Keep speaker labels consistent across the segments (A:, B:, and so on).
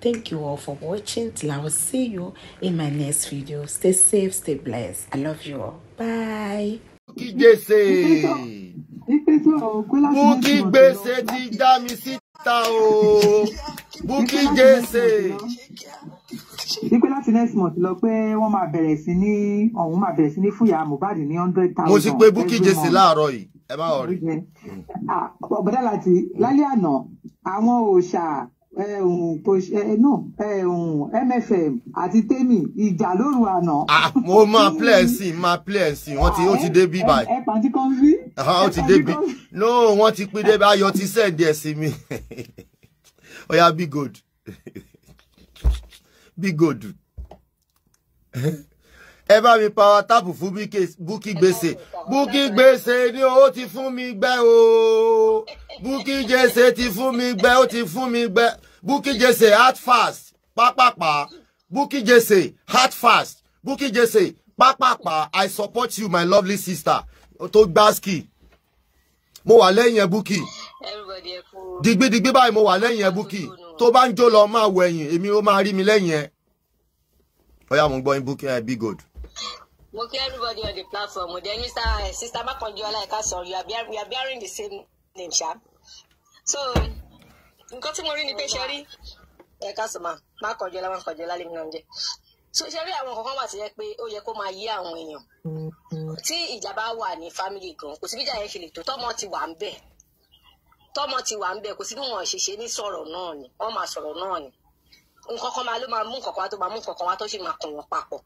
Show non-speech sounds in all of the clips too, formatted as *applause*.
A: Thank you all for watching. Till I will see you in my next video. Stay safe, stay blessed. I love you all. Bye. Bukky gbèsè ti
B: já mi síta o. Bukky gbèsè.
A: Wípé láti next month lọ pé wọ́n máa bẹ̀rẹ̀ sí ní ọ̀hún máa bẹ̀rẹ̀ sí ní fúyà Mohbad ní hundred thousand. Mo ti pe Bukky gbèsè láàárọ̀
B: yìí, ẹ má wọrí.
A: Ọ̀bọ̀dá láti lálẹ́ àná àwọn òòṣà mfm àti tèmi ìjà lóru àná.
B: mo máa plẹ̀ sí i máa plẹ̀ sí i wọ́n ti ó ti dé bí báyìí. ẹ
C: pàǹtí kan sí.
B: ó ti dé bí no wọ́n ti pín dé bí ayọ̀ ti sẹ́ẹ̀dì ẹ̀ sí mi *laughs* oya be good *laughs* be good *laughs* ẹ bá mi power tap fún búkí gbèsè búkí gbèsè ni ó ti fún mi gbẹ o búkí gbèsè ti fún mi gbẹ ó ti fún mi gbẹ Bukky Jesse heart fast pápápá Bukky Jesse heart fast Bukky Jesse pápápá I support you my lovely sister tó gbáskì mo wà lẹ́yìn ẹ Bukky digbidigbi báyìí mo wà lẹ́yìn ẹ Bukky tó bá ń jó lọ máa wọ ẹ̀yìn èmi ó mi lẹ́yìn ẹ ọyá mo ń gbọ́ yín Bukky ẹ good.
D: mo everybody on the platform mo dé mr sister Makanju Ọláìka sọ you are bearing the same name ṣá so nǹkan tí mo rí ni pé ṣe rí ẹ káàsì máa má kọjọ lá kọjọ lá lèmi náà ń jẹ ṣe rí àwọn kankan wà tó yẹ pé ó yẹ kó máa yé àwọn èèyàn mm-hmm. tí ìjà wà ní fámìlì gan kò sí bíjà yẹn ṣe lè tó tọmọ ti wà ń bẹ tọmọ ti wà ń bẹ kò sí bí wọn ṣe ṣe ní sọ̀rọ̀ náà ni wọn máa sọ̀rọ̀ náà ni nǹkan kan máa ló máa mú nǹkan wá tó máa mú nǹkan wá tó sì máa kàn wọn papọ̀.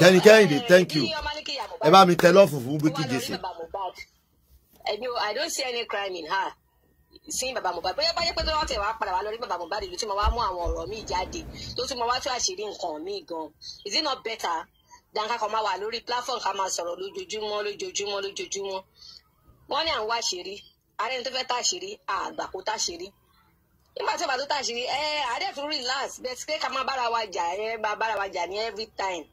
D: Kenny Kehinde thank you
B: ẹ bá mi tẹ lọ́ọ̀fù fún Bukky Jesse.
D: I don't see any crime in her sí bàbá Mohbad bóyá báyẹ pé bí wọn tẹ wá padà wá lórí bàbá Mohbad ìlú tí mo wá mú àwọn ọ̀rọ̀ mi jáde tó tún mo wá tún àṣírí nǹkan mi gan is it not better than ká máa wà lórí platform ká máa sọ̀rọ̀ lójoojúmọ́ lójoojúmọ́ lójoojúmọ́ wọn ní à àṣírí ààrẹ tó fẹ́ tàṣírí àgbà kó tàṣírí nígbà tí bàbá tó tàṣírí ẹ ààrẹ tún relax bẹ́ẹ̀ sí pé ká máa bára wa jà ẹ bá bára wa jà ní every time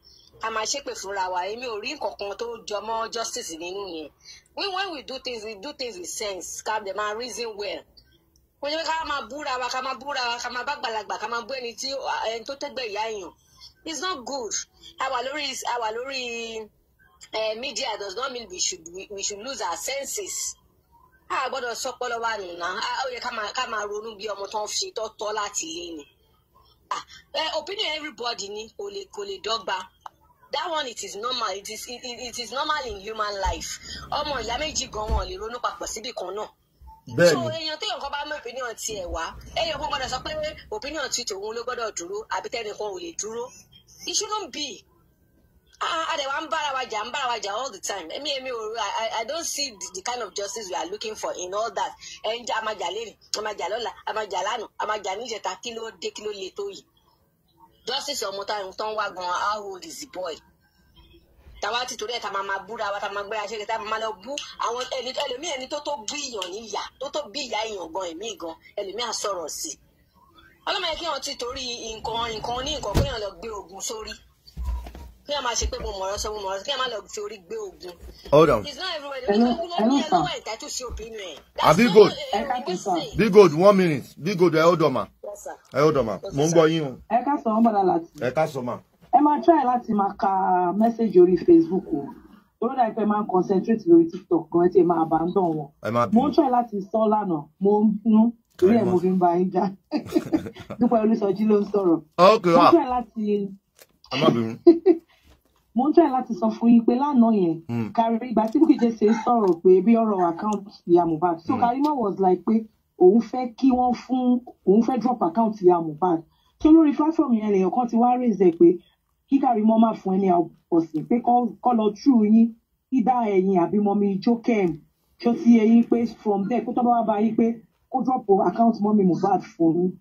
D: a máa ṣépè fúnra wa èmi ò rí nǹkan kan tó jọmọ́ justice nínú yẹn we when we do things we do things with sense ká them, máa reason well kò ní ká máa búra wa ká máa búra wa ká máa bá gbàlagbà ká máa bú ẹni tí ẹni tó tẹ́gbẹ́ ìyá èèyàn it's not good àwa lórí àwa lórí eh, media does not mean we should we, we should lose our senses a gbọ́dọ̀ sọpọlọ wa nùnà ó yẹ ká máa ronú bí ọmọ tó ń fi tọ́tọ́ láti ilé ni ah, eh, opinion everybody ni kò lè kò lè dọ́gba that one it is normal it is it, it is normal in human life ọmọ ìyá méjì gan wọn lè ronú papọ̀ síbì kan náà bẹ́ẹ̀ni so èèyàn téèyàn kan bá mú opinion tiẹ̀ wá èèyàn kan gbọ́dọ̀ sọ pé opinion ti tòun ló gbọ́dọ̀ dúró àbí tẹnìkan ò lè dúró it shouldn't be àdẹ̀wà ń bára wa jà ń bára wa jà all the time èmi èmi ò I I don't see the, the kind of justice we are looking for in all that ẹ̀ ń jà àmàjà lẹ́nu àmàjà lọ́la àmàjà lánàá àmàjà níjẹta kí ló dé kí ló le tó yìí justice ọmọ tó ń wá gan how old is the boy tàwa ti torí ẹ̀ ta máa ma búra wa ta máa gbéra ṣe kẹta máa lọ bú àwọn ẹni ẹlòmí ẹni tó tó bí ìyàn níyà tó tó bí ìyá ìyàn gan ẹ̀mí gan ẹlòmí à sọ̀rọ̀ sí i ọlọ́mọ yẹn kí wọ́n ti torí nǹkan nǹkan ní nǹkan pé èèyàn lọ gbé ogun sórí. So kí ẹ máa ṣe pé mo mọ̀rọ̀ sọ mo mọ̀rọ̀ sọ kí ẹ máa lọ fi orí gbé
B: ogun. hold on. it's
D: not everywhere. ẹnu
B: àbí gold bí gold one minute bí gold ẹ hold on ma ẹ hold on ma mo ń gbọ́ yín o.
A: ẹ ká sọ wọn bọ̀dá láti. ẹ ká sọ ma. ẹ máa try láti máa ka mẹ́sẹ̀gì orí facebook o torí náà ìfẹ́ máa concentrate lórí tiktok kan ẹ ti máa abandon wọn. ẹ máa mo ń try láti sọ lánàá mo ń nú torí ẹ mo fi ń ba yín já *laughs* dúpẹ́ olùsọjí ló ń sọ̀rọ̀. ok wa mo ń ah. try láti. *laughs* mo ń tẹ̀ láti sọ fún yín pé lánàá yẹn hmm. Karimo ìgbà tí Bukky Jesse sọ̀rọ̀ pé bí ọ̀rọ̀ account ìyá Mohbad so hmm. Karimo was like pé òun fẹ́ kí wọ́n fún òun fẹ́ drop account ìyá Mohbad so lórí platform yẹn lèèyàn kan ti wá raise ẹ pé kí Karimo má fún ẹ ní ọ̀sìn pé kọ́ lọ tú yín ìdá ẹ̀yìn àbí mọ́mí jókèm tó ti pé from there kó tọ́ba wá bá yín pé kó drop account mọ́mí Mohbad fún yín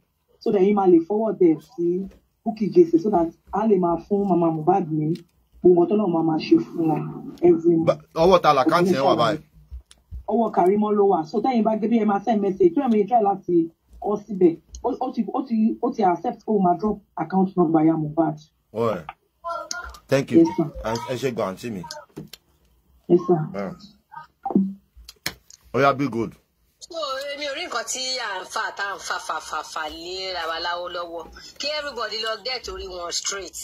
A: so that yín máa lè forward ẹ̀ sí Bukky Jesse so that a lè máa fún mama Mohbad ní gbogbo tó lọ́wọ́ máa máa ṣe fún wọn every month.
B: ọwọ́ ta làkáǹtì ẹ̀ wà báyìí.
A: ọwọ́ kàrímọ́ ló wà so tẹ́yìn bá gé bí ẹ máa send message tó yẹ mi try láti kọ́ síbẹ̀ ó ti ó ti ó ti accept kó o máa drop account number ya Mohbad.
B: ọ̀rẹ́ thank you ẹ ṣe gbà àǹtí mi.
E: ọ̀ya be good.
D: so èmi ò rí nǹkan tí à ń fà tá à ń fà fà fà fà lé ra wa láwọ́ lọ́wọ́ kí everybody lọ get orí wọn straight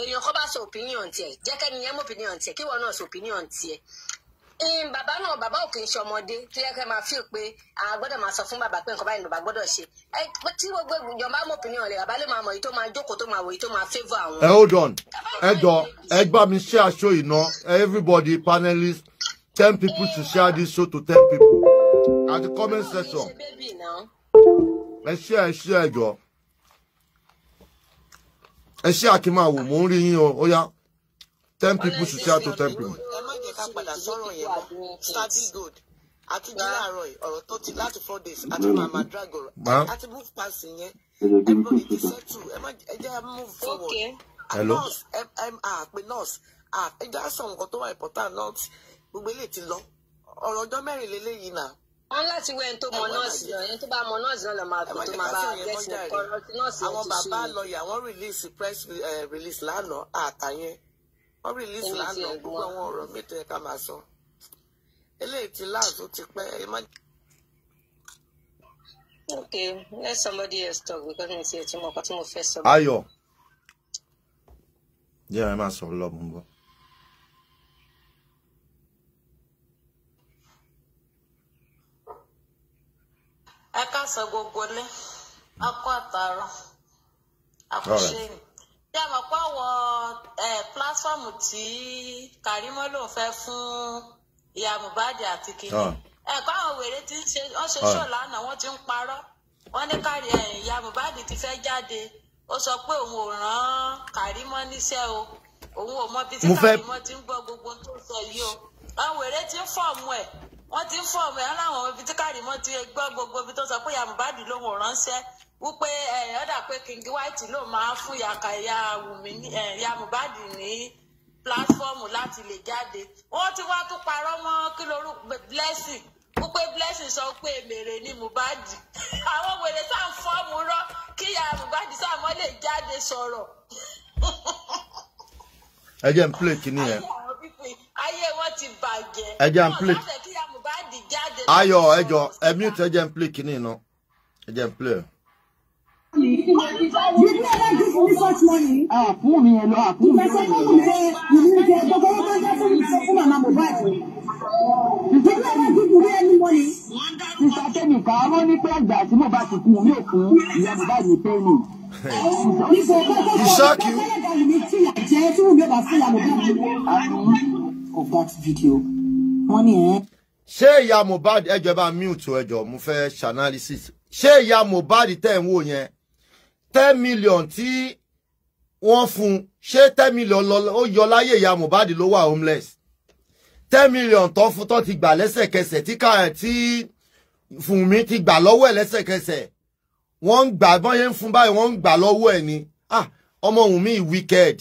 D: èèyàn kọ́ bá sọ opinion tiẹ̀ jẹ́ kẹ́ni yẹn mọ opinion tiẹ̀ kí wọn náà sọ opinion tiẹ̀ bàbá náà bàbá ò ṣe ọmọdé tó yẹ kẹ́ máa fíò pé a gbọ́dọ̀ máa sọ fún bàbá pé nǹkan báyìí bàbá gbọ́dọ̀ ṣe ẹ tí gbogbo èèyàn bá mọ opinion rẹ̀ bàbá lè máa mọ̀ èyí tó máa jókòó tó máa wò èyí tó máa favour àwọn.
B: ẹ hold on ẹ jọ ẹ gbà mí ṣe aṣọ ìná everybody panelists ten people to share this show to ten people at the comment section ẹ ṣe ẹ ṣe ẹ jọ ẹ ṣé àkí máa wò mò ń rí yín o ó yá ten people should share to ten people. ẹ má
F: jẹ́ ká padà sọ̀rọ̀ yẹn mọ́ sabi gold àti díláàrọ̀ ọ̀rọ̀ tó ti láti four days àti mama drag àti move pass yẹn everybody ti settle ẹ má ẹ jẹ́ move forward. hello nurse mma pe nurse ẹ jẹ́ àṣọ nǹkan tó wà important not gbogbo eléyìí ti lọ ọ̀rọ̀ ọjọ́ mẹ́rin lélẹ́yìí náà wọn láti wẹ tó mọ nọọsì náà tó
D: bá mọ nọọsì náà lọ máa fi tó máa bá gẹẹsì kọrọ tí yẹn ti ṣe. àwọn bàbá lọ́ọ̀yà
F: wọ́n release press eh, release lánàá àtàyẹn wọ́n release lánàá gbogbo àwọn ọ̀rọ̀ mẹ́tọ́ ẹ̀ka máa sọ eléyìí ti láàzó ti pẹ́ ẹ má. okay let somebody else talk because mi ti ẹ̀ tí mo kọ́ tí mo fẹ́ sọ. ayọ̀
B: jẹ́ máa sọ lọ́mú bọ́.
D: ẹ káàsán gbogbo lé a kú àtàrọ àkùṣe ni ṣé àmọ́ pé àwọn pílátífọ́ọ̀mù tí Karimo ló ń fẹ́ fún ìyá Mohbad àti kìnìún ẹ̀kọ́ àwọn wèrè ti ń ṣe wọ́n ṣe ṣọ́ lánàá wọ́n ti ń parọ́ wọ́n ní kárí ìyá Mohbad ti fẹ́ jáde ó sọ pé òun ò rán Karimo níṣẹ́ o òun ò mọ bí tí Karimo ti ń gbọ́ gbogbo tó sọ yìí o àwọn wèrè ti ń fọ̀ọ̀mù ẹ̀ wọ́n ti ń fọ ọmọ ẹ láwọn ibi tí Karimo ti gbọ́ gbogbo ibi tó sọ pé ìyá Mohbad ló ń ránṣẹ́ wípé ọdà pé King White ló máa fún yàkà ìyá Mohbad ní pílátífọ́ọ̀mù láti lè jáde wọ́n ti wá tún parọ́ mọ́ kí lóru blessing wípé blessing sọ pé mèrè ni Mohbad *laughs* àwọn wèrè sáà fọ́ọ̀mù rọ kí ìyá Mohbad sáà mọ́ lè jáde sọ̀rọ̀.
B: ẹ jẹ́ n plate kìíní yẹn.
D: ayé wọn ti
B: bàjẹ́. ẹ jẹ́ n plate ayọ̀ ẹjọ ẹmute ẹjẹ ń plé kínní nù ẹjẹ ń plé.
A: àpò mi yẹn Of that video,
B: money ṣé ìyá Mohbad ẹjọ́ bá mute ẹjọ́ mo fẹ́ ṣanalysis ṣé ìyá Mohbad tẹ́ ń wò yẹn ten million tí wọ́n fún ṣé ten million ó yọ láyé ìyá Mohbad ló wà homeless ten million tó fún tó ti gbà lẹ́sẹ̀kẹsẹ̀ tí kàrẹ̀ tí Fúnmi ti gbà lọ́wọ́ ẹ̀ lẹ́sẹ̀kẹsẹ̀ wọ́n ń gbà bọ́n yẹn ń fún báyìí wọ́n ń gbà lọ́wọ́ ẹ̀ ni ah ọmọ Wùnmí
A: wicked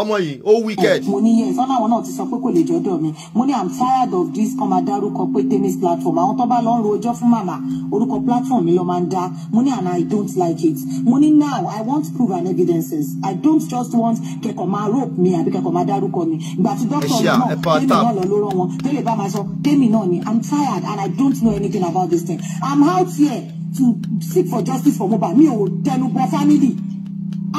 A: ọmọ yìí ó wicked. mo ní yẹn ìfọláwọn náà ti sọ pé kò lè jọdọ mi mo ní i'm tired of this ọmọ adárúkọ pé tennis platform àwọn tó bá lọ ń ro ọjọ́ fún màmá orúkọ platform mi lọ máa ń dá mo ní and i don't like it mo ní now i want proof and evidences i don't just want kẹkọọ máa rope mi àbí kẹkọọ máa dárúkọ mi ìgbà tí dókítà mi náà tèmi náà lọ ló rán wọn tó lè bá máa sọ tèmi náà ni i'm tired and i don't know anything about this thing i'm out here to seek for justice for Mohbad mi ò tẹnu bọ family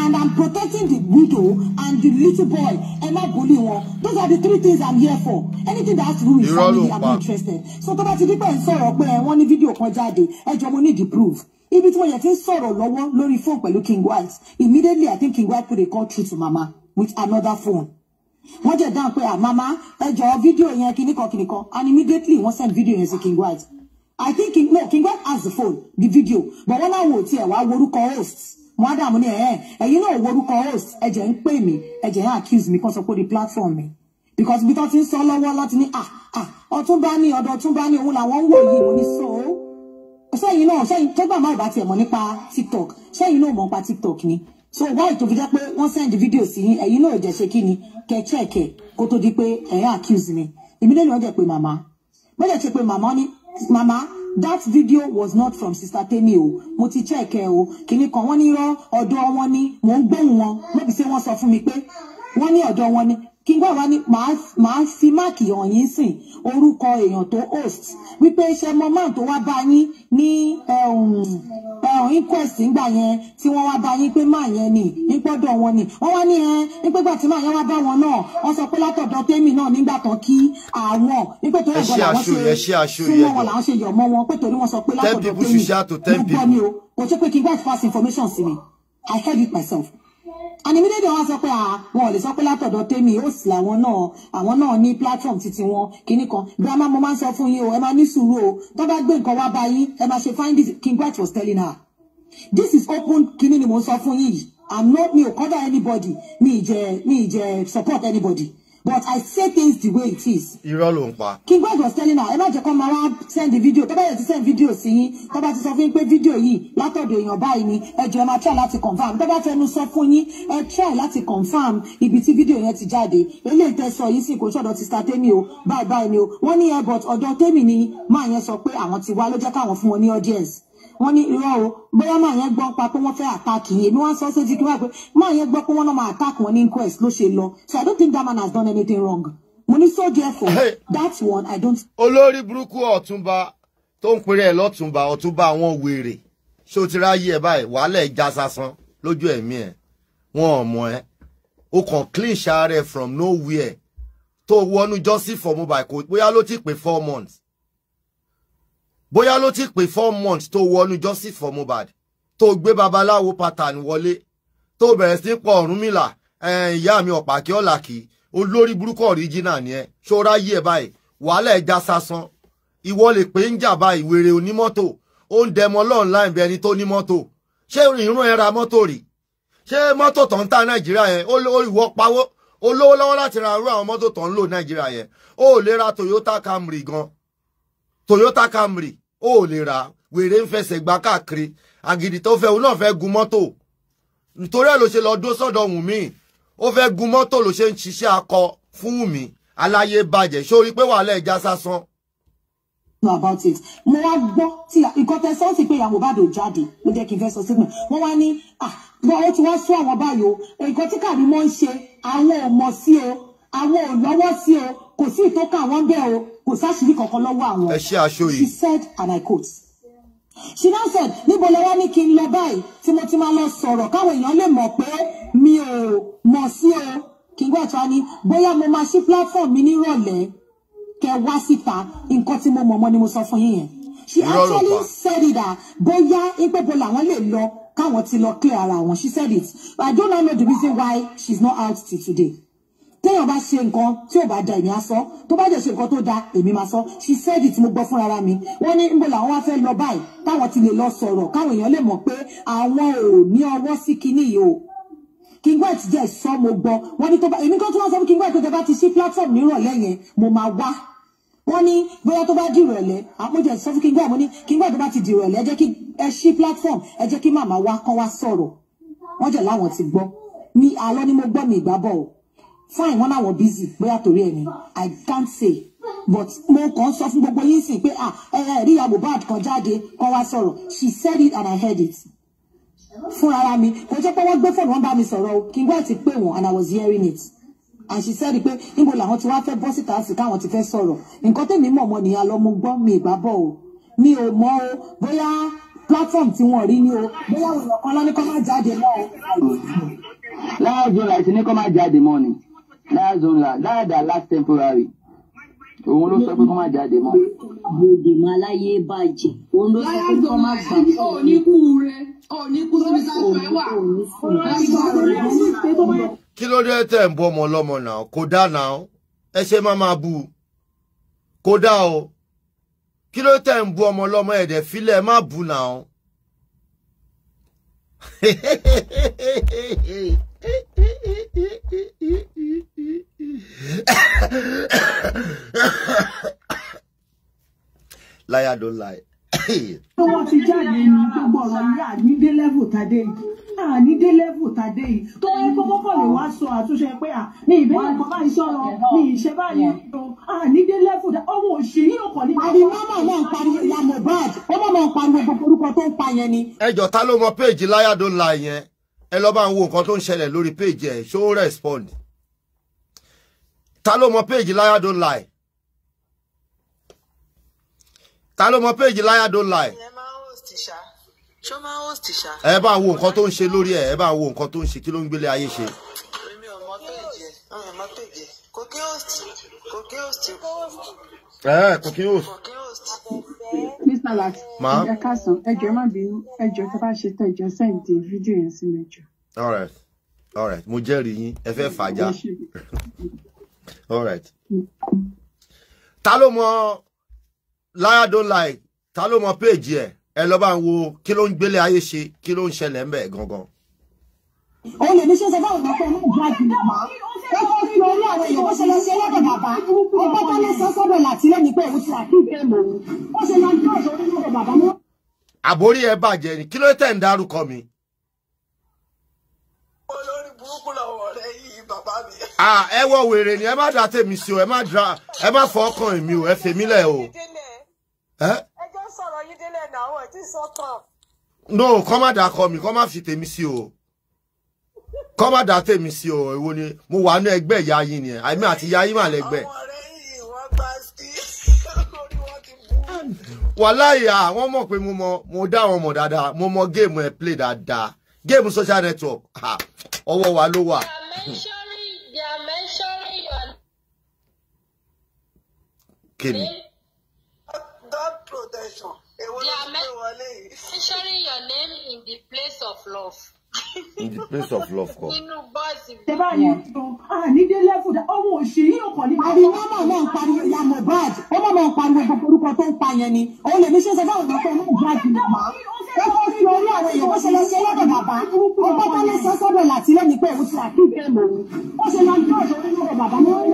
A: and I'm protecting the widow and the little boy. Ẹ má bully wọn. Those are the three things I'm here for. Anything that has to do with family, I'm not interested. So to that ti dípẹ́ ń sọ̀rọ̀ pé wọ́n ní fídíò kan jáde, daddy, I mo need the proof. If it's wọ́n yẹn ti ń sọ̀rọ̀ lọ́wọ́ lórí fóònù pẹ̀lú King White. Immediately, I think King White put a call through to Mama with another phone. Wọ́n jẹ̀ dáhùn pé àmàmá ah, ẹ jọ fídíò yẹn kìnnìkan kìnnìkan and immediately wọ́n send video yẹn sí King White. I think King, no, King White has the phone, the video, but wọ́n náà wò ó tiẹ̀ wá worúkọ host wọn á dààmú ní ẹ̀ẹ́ eh, ẹ̀yin eh, náà worúkọ host ẹ̀jẹ̀ ń pè mí ẹ̀jẹ̀ ń accuse mi kan sọ pé di platform mi because bí tó ti ń sọ lọ́wọ́ láti ní à ah, à ah, ọ̀túnba Odo, ọ̀dọ̀ ọ̀túnba ní òun làwọn ń wò yìí mo ní so sẹ́yìn náà sẹ́yìn tó gbà má ìbá tiẹ̀ mọ̀ nípa tiktok sẹ́yìn náà mọ̀ nípa tiktok ni so why tó fi jẹ́ pé wọ́n send video sí yín ẹ̀yin náà jẹ́ ṣe kí ni kẹ́ chẹ́ẹ̀kẹ́ kó tó di pé ẹ̀yin accuse mi èmi lẹ́nu ọ̀jẹ̀ pé màmá bẹ́ẹ̀ ṣe pé màmá ní mama that video was not from sister Temi o mo ti check ẹ e o kìnnì kan wọ́n ní rọ ọ̀dọ̀ wọn ni Mo ń gbóhùn wọn lóbi ṣé wọ́n sọ fún mi pé wọ́n ní ọ̀dọ̀ wọn ni kí n bàbá ní màá fi máàkì hàn yín sìn orúkọ èèyàn tó host wípé ṣe mọ máà tó wá bá yín ní um, um, inquest ńgbà yẹn tí wọ́n wá bá yín pé máà yẹn ni nígbọ́dọ̀ wọn ni wọ́n wá ní ẹn nígbàgbà tí máà yẹn wá bá wọn náà wọ́n sọ pé látọ̀dọ̀ tèmi náà nígbà tán kí àwọn nígbà tó yọ̀gbọ́n wọn làwọn ṣe yọ̀ mọ́ wọn pé torí wọ́n sọ pé látọ̀dọ̀ tèmi mo gbọ́ ni o kò tó pé kí n gbà animidede wọn sọ pé àwọn ò lè sọ pé látọ̀dọ̀ tèmi ó sì làwọn náà àwọn náà ní platform títí wọn kínní kan grandma mo máa ń sọ fún yín o ẹ máa ní sùúrù o tó bá gbé nǹkan wá bá yín ẹ máa ṣe find it kingrat was telling her this is open kínní ni mo ń sọ fún yín yìí i'm not mi ò cover anybody mi ì jẹ mi ì jẹ support anybody but I say things the way it is.
B: Irọ́ ló ń
G: pa.
A: King God was telling her, ẹ má jẹ́ kó máa send the video. Tọ́ba yẹn ti send video sí yín. Tọ́ba ti sọ fún yín pé fídíò yìí látọ̀dọ̀ èèyàn báyìí ni ẹjọ́ ẹ máa try láti confirm. Tọ́ba fẹnu sọ fún yín, ẹ try láti confirm ibi tí video yẹn ti jáde. Eléyìí tẹ sọ yìí sì kò sọ̀dọ̀ ti sta Tẹ́mi o, báyìí báyìí ni o. Wọ́n ní airport eh, ọ̀dọ̀ Tẹ́mi ni máa yẹn sọ pé àwọn ti wá ló jẹ́ káwọn fún wọn ní audience wọ́n ní irọ́ o bóyá máa yẹn gbọ́ pa pé wọ́n fẹ́ àtàkì yìí èmi wá sọ sí fíkí wáyé pé máa yẹn gbọ́ pé wọ́n náà máa àtàkì wọn ní inquest ló ṣe lọ so i don't think that man has done anything wrong mo ní so therefore that one i don't.
B: olórí burúkú ọ̀túnba tó ń pèrè ẹ̀ lọ́túnba ọ̀túnba àwọn wèrè ṣé o ti ráyè ẹ báyìí wàhálà ẹ̀ já sasan lójú ẹ̀mí ẹ̀ wọn ò mọ ẹ o kàn clean ṣàárẹ̀ from nowhere tó wọnú justice for mobile kò bóyá ló ti pè four months bóyá ló ti pé four months tó wọnú justice for Mohbad tó gbé babaláwo pattern wọlé tó bẹ̀rẹ̀ sí pọ̀ Ọ̀rúnmìlà ìyá mi ọ̀pàkì ọ̀làkì olórí burúkú original ni ẹ ṣọ́ra yí ẹ báyìí wàhálà ẹ̀ já sásán ìwọ lè pé ń jà báyìí wèrè onímọ́tò ó ń dẹmọ lọ́n láì bẹ ẹni tó ní mọ́tò ṣé ìrún ẹ ra mọ́tò rì ṣé mọ́tò tó ń ta Nàìjíríà yẹn ó ìwọ pawó olówó lọ́wọ́ láti ra irú àwọn mọ́tò tó ń lò Nàìjíríà yẹn ó lè ra Toyota Camry gan Toyota Camry ó ò lè rà wèrè ń fẹsẹ̀ gbá káàkiri àgìdì tó fẹ́ òun náà fẹ́ gun mọ́tò nítorí ẹ̀ ló ṣe lọ dó sọ́dọ̀ Wùnmí ó fẹ́ gun mọ́tò ló ṣe ń ṣiṣẹ́ akọ fún Wùnmí aláyé bàjẹ́ sórí pé wàhálà
A: ẹja sásán. about it mo wá gbọ́ tí nǹkan tẹ sọ́ọ̀sì pé ìyàwó bàdò jáde ló jẹ́ kí n fẹ́ sọ sígbọ̀n wọ́n wá ní gbọ́ ah, ó ti wá sún àwọn báyìí o nǹkan tí Karimo ń ṣe àwọn ò mọ̀ sí o àwọn ò lọ́wọ́ sí o kò sí ìtókà wọn bẹ́ẹ̀ o kò sáṣìírí kankan lọ́wọ́ àwọn. ẹ ṣe aṣọ she said and I quote. she now said níbo lẹ wá ní kí n lọ báyìí tí mo ti máa lọ sọ̀rọ̀ káwọn èèyàn lè mọ̀ pé mi ò mọ̀ sí o kí n gbàtúwa ni bóyá mo máa ṣí platform mi nírọ̀lẹ́ kẹ wá síta nǹkan tí mo mọ̀ mọ́ ni mo sọ fún yín yẹn. she actually said it ah bóyá ìpèbó làwọn lè lọ káwọn ti lọ clear ara wọn she said it I do not know the reason why she is not out till today téèyàn bá ṣe nǹkan tí ò bá da èmi á sọ tó bá dẹ̀ ṣe nǹkan tó da èmi máa sọ she said it mo gbọ́ fún rárá mi wọ́n ní níbo làwọn wá fẹ́ lọ báyìí táwọn ti lè lọ sọ̀rọ̀ káwọn èèyàn lè mọ̀ pé àwọn ò ní ọwọ́ sí kinní yìí o kingwet jẹ́ sọ mo gbọ́ wọ́n ní tó bá èmi kan tí wọ́n sọ fún kingwet tó bá ti sí platform nírọ̀lẹ́ yẹn mo máa wá wọ́n ní bóyá tó bá di ìrọ̀lẹ́ àpòjọ sọ fún kingwet mo ní kingwet tó bá ti di ìrọ̀lẹ́ ẹ ṣí platform ẹ jẹ́ kí màmá wá kán wá sọ̀rọ̀ wọ́n jẹ́ láwọn ti gbọ́ ní alọ́ ni mo gbọ́ mi ìgbàbọ̀ o fine wọn náà wọ busy bóyá to ẹni i can't say but mo kàn sọ fún gbogbo yín sí pé ah ẹ ẹ rí bad Mohbad kan jáde kan wá sọ̀rọ̀ she said it and i heard it fún ara mi kò jẹ́ pé wọ́n gbé fóònù wọn bá mi sọ̀rọ̀ o kí n ti pé wọn and i was hearing it and she said pé níbo làwọn ti wá fẹ́ bọ́ síta sí káwọn ti fẹ́ sọ̀rọ̀ nǹkan tèmi mọ̀ mọ́ nìyẹn lọ́mọ gbọ́ mi babo o mi ò mọ̀ o bóyá platform tí wọ́n rí ni o bóyá òyìnbó kan lọ́ní kọ́ máa jáde mọ́ o. láàbù láti ní kọ́ máa jáde mọ́ that's only that that last temporary òun ló sọ pé kó má jáde mọ́. bòdìmọ̀ aláyé bàjẹ́ òun ló sọ pé kó má gbà. òní kú rẹ òní kú síbi sáfẹ́ wà.
B: kí ló dé tẹ̀ ń bú ọmọ ọlọ́mọ náà kò dá náà ẹ ṣe má máa bú kò dá o kí ló tẹ̀ ń bú ọmọ ọlọ́mọ ẹ̀dẹ̀ filẹ̀ má bú náà. Hehehehehe *laughs* *coughs* liar don't lie.
A: wọ́n *coughs* ti jáde ní gbogbo ọ̀rọ̀ yìí ànídé lẹ́vù tàdé yìí ànídé lẹ́vù tàdé yìí tó yẹ kó kọ́kọ́ lè wá sọ àtúnṣe pé à ní ìbéèrè kan báyìí sọ̀rọ̀ ní ìṣe báyìí ànídé lẹ́vù tàdé ọwọ́ òṣèré ọkọ̀ ní. àdìmọ́ náà ń pariwo ìyá Mohbad ó mọ̀ náà ń pariwo gbogbo orúkọ tó ń pa yẹn ni.
B: ẹ jọ ta ló mọ péèjì láyà tó yẹn ẹ lọ bá ń wo nǹkan tó ń ṣẹlẹ̀ lórí péèjì ẹ ṣó respond ta ló mọ péèjì láyà don't lie ta ló mọ péèjì láyà don't lie. ẹ bá wo nǹkan tó ń ṣe lórí ẹ ẹ bá wo nǹkan tó ń ṣe kí ló ń gbélé ayé ṣe. ẹ ẹ
C: káàsán ẹjọ ẹ má bínú ẹjọ tó bá ṣe tán ẹjọ sẹǹdì fídíò yẹn sí mẹjọ.
B: all right all right mo jẹ́rìí yín ẹ fẹ́ fàájà all right Talomo ló mọ láyà don't like ta ló mọ péèjì ẹ ẹ lọ bá ń wo kí ló ń gbélé ayé ṣe kí ló ń ṣẹlẹ̀ ń bẹ̀ gangan.
A: ẹ lè ní ṣe sọ fáwọn ọ̀dọ́ pé ọmọ ìgbà jù bàbá ẹ kọ́ fi orí àwọn èèyàn bó ṣe lọ ṣe lọ́dọ̀ bàbá ọgbọ́n tó lè sọ sọ́dọ̀ làtìlẹ́yìn pé ti àkíkẹ́ mọ̀ òun ó ṣe lọ ń tó ọ̀ṣọ́ orí lọ́dọ̀ bàbá náà
B: àbórí ẹ bàjẹ́ ni kí ló tẹ̀ ń dárúkọ mi. olórí burúkú làwọn ẹ wọ wèrè ni ẹ má dá tèmi sí o ẹ má dá ẹ má fọ ọkàn èmi o ẹ fèmí lẹ o. ẹ
A: jọ sọ̀rọ̀ yín délẹ̀ náà ọ̀ tí sọ́kàn.
B: no kọ́ má dá kọ mi kọ́ má fi tèmi sí o kọ́ má dá tèmi sí o èwo ni mo wà ní ẹgbẹ́ ìyá yín ni àmì àti ìyá yín mà lẹ́gbẹ́. ọmọ rẹ yìí wọn bá pé mo mọ mo dá àwọn mọ̀ dáadáa mo mọ géèmù ẹ̀ play dáadáa géèmù social network ọwọ́ wa ló wà.
C: kémi. protection èwo ló
B: ń your name in the place of love. *laughs* in the place of love kọ.
C: nínú
A: bọ́ọ̀sì ah, ọmọ òṣèré ọkàn ní. àbí wọn máa máa ń pariwo ìyá Mohbad wọn máa máa ń pariwo gbogbo orúkọ tó ń pa yẹn ni òun lè ní ṣe sọ fáwọn ọmọ pé ọmọ Mohbad ni màá ó fi orí àwọn èèyàn bó ṣe lọ ṣe lọ́dọ̀ bàbá ọgbẹ́ tálẹ́ sọ sọ́dọ̀ láti pé òun ti rà kí mọ̀ òun ó ṣe lọ ní ọ̀dọ̀ onímọ̀ bàbá ní ọ̀dọ̀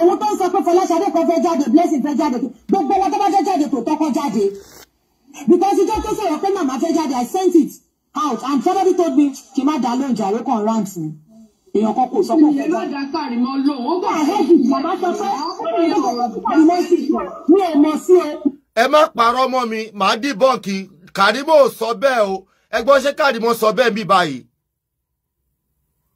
A: òun tó ń sọ pé Fọláṣadé kan fẹ́ jáde Blessing fẹ́ jáde gbogbo wọn tó bá fẹ́ jáde tó tọ́kọ́ jáde because ìjọ tó sọ̀rọ̀ pé màmá fẹ́ jáde I sent it out and somebody told me kì má dá lóúnjẹ àrékàn rant ni èèyàn kan kò sọ pé òkú bá mi ò mọ̀ sí ẹ ẹ má parọ́ mọ́ mi màá
B: dì bọ́ǹkì Karimo sọ bẹ́ẹ̀ o ẹgbọ́n ṣé Karimo sọ bẹ́ẹ̀ mi báyìí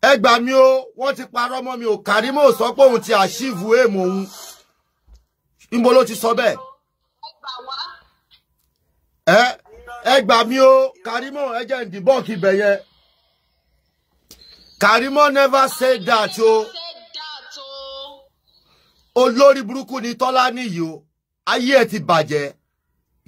B: ẹ gbà mí o wọ́n ti parọ́ mọ́ mi o Karimo sọ pé òun ti àṣìvù èèmù òun níbo ló ti sọ bẹ́ẹ̀ ẹ ẹ gbà mí o Karimo ẹ jẹ́ ǹdí bọ́ǹkì bẹ̀ yẹn Karimo never say that o olórí burúkú ni Tọ́lá nìyí o ayé ẹ ti bàjẹ́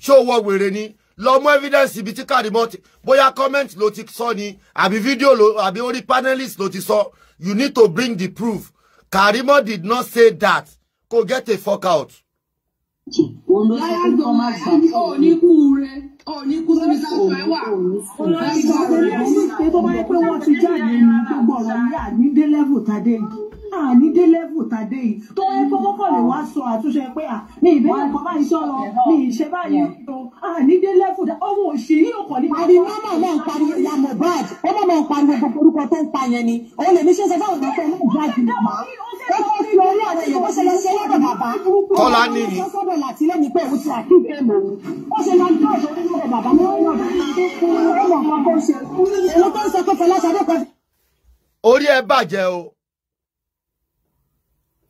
B: ṣó wọ wèrè ni lọ mú evidence ibi tí Karimo ti bóyá comment ló ti sọ ni àbí video ló àbí orí panelist ló ti sọ you need to bring the proof Karimo did not say that go get a fuck out.
A: láyà máa ṣe òní kú rẹ̀ òní kú síbi wà. olórí sọ̀rọ̀ ẹ̀ pé wọ́n ti jáde ní gbogbo ọ̀rọ̀ yìí ànídé level tàdé yìí àní dé lẹ́fù tàdé yìí tó ẹ kó kọ́kọ́ lè wá sọ àtúnṣe pé à mi ìbéèrè kan báyìí sọ̀rọ̀ mi ìṣe báyìí o àní dé lẹ́fù tàdé ọmọ òṣì yìí ò kọ̀ ní. pariwo ọmọ náà ń pariwo ya Mohbad ọmọ náà ń pariwo gbogbo orúkọ tó ń pa yẹn ni òun lè ní ṣe sọ fáwọn ọmọ ọmọ ìgbà jù mọ́ ó kọ́ sí lọ orí àwọn èèyàn bó ṣe lọ ṣe lọ́dọ̀ bàbá kọ́lá nìyí ó sọ́dọ̀ láti lẹ́nu pé òun ti àkíkẹ́ mọ̀ òun ó ṣe lọ jọ́ ọ̀dọ̀ orí lọ́dọ̀ bàbá mọ́ ọ̀dọ̀ ó mọ̀ nǹkan tó ṣe òun tó ń sọ pé fọlá ṣàdé kan.
B: orí ẹ bàjẹ́ o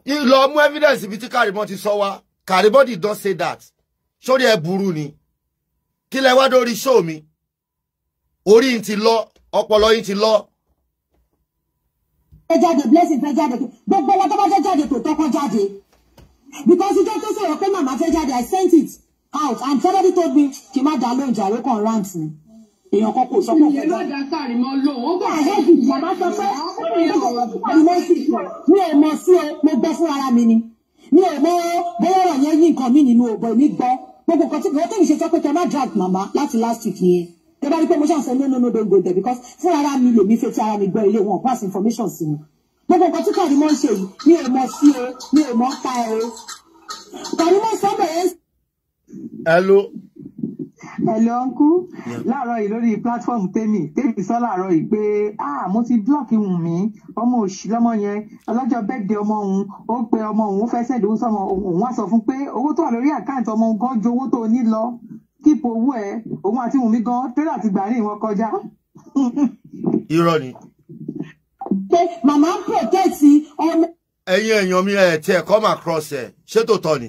B: you lọ mú evidence ibi tí Karimo ti sọ wá Karimo did not say that sórí ẹ burú ni kí lẹ wá dórí show mi orí yín ti lọ ọpọlọ yín ti lọ.
A: ẹ jáde blessing fẹ́ jáde gbogbo ọlọ́tọ́ bá fẹ́ jáde tó tọ́kọ́ jáde because ìjọ tó sọ̀rọ̀ pé màmá fẹ́ jáde I sent it out and somebody told me kí n má dá lóúnjẹ àrékàn rant ni èèyàn kan kò sọ pé òfin náà. bàbá sọ pé àrìmọ́ sí mi ò mọ sí ọ mo gbọ́ fún ara mi ni mi ò mọ bóyá ọ̀rọ̀ yẹn yí nǹkan mi nínú òbọ̀ mi gbọ́ gbogbo kan tí mo tẹ́lẹ̀ ṣe sọ pé kí má drag màmá láti last week yẹn tẹ bá rí pé mo ṣàǹsẹ̀ no no no don't go there because fún ara mi lèmi fẹ́ ti ara mi gbọ́ ilé wọn pass information sí mi gbogbo nǹkan tí Karimo ń ṣe mi ò mọ sí o mi ò mọ pa o Karimo sọ bẹ̀rẹ̀.
F: hello hello uncle láàárọ̀ yìí lórí platform tèmi tèmi sọ láàárọ̀ yìí pé ah mo
A: ti block wùn mí ọmọ òṣì lọ́mọ yẹn ọlọ́jọ́ bẹ́ẹ̀dẹ̀ ọmọ òun ó pe ọmọ òun fẹ́ sẹ́ẹ̀dì owó sọmọ òun wá sọ fún pé owó tó wà lórí àkáǹtì ọmọ òun gan ju owó tó ní lọ kíp owó ẹ òun àti wùn mí gan tẹ́lẹ̀ àti gbàrin wọn kọjá. *laughs* irọ́ ni. pé màmá ń protect ọmọ.
B: ẹ̀yin èèyàn mi ẹ tiẹ̀ come across ẹ ṣé tó tọ́ ni.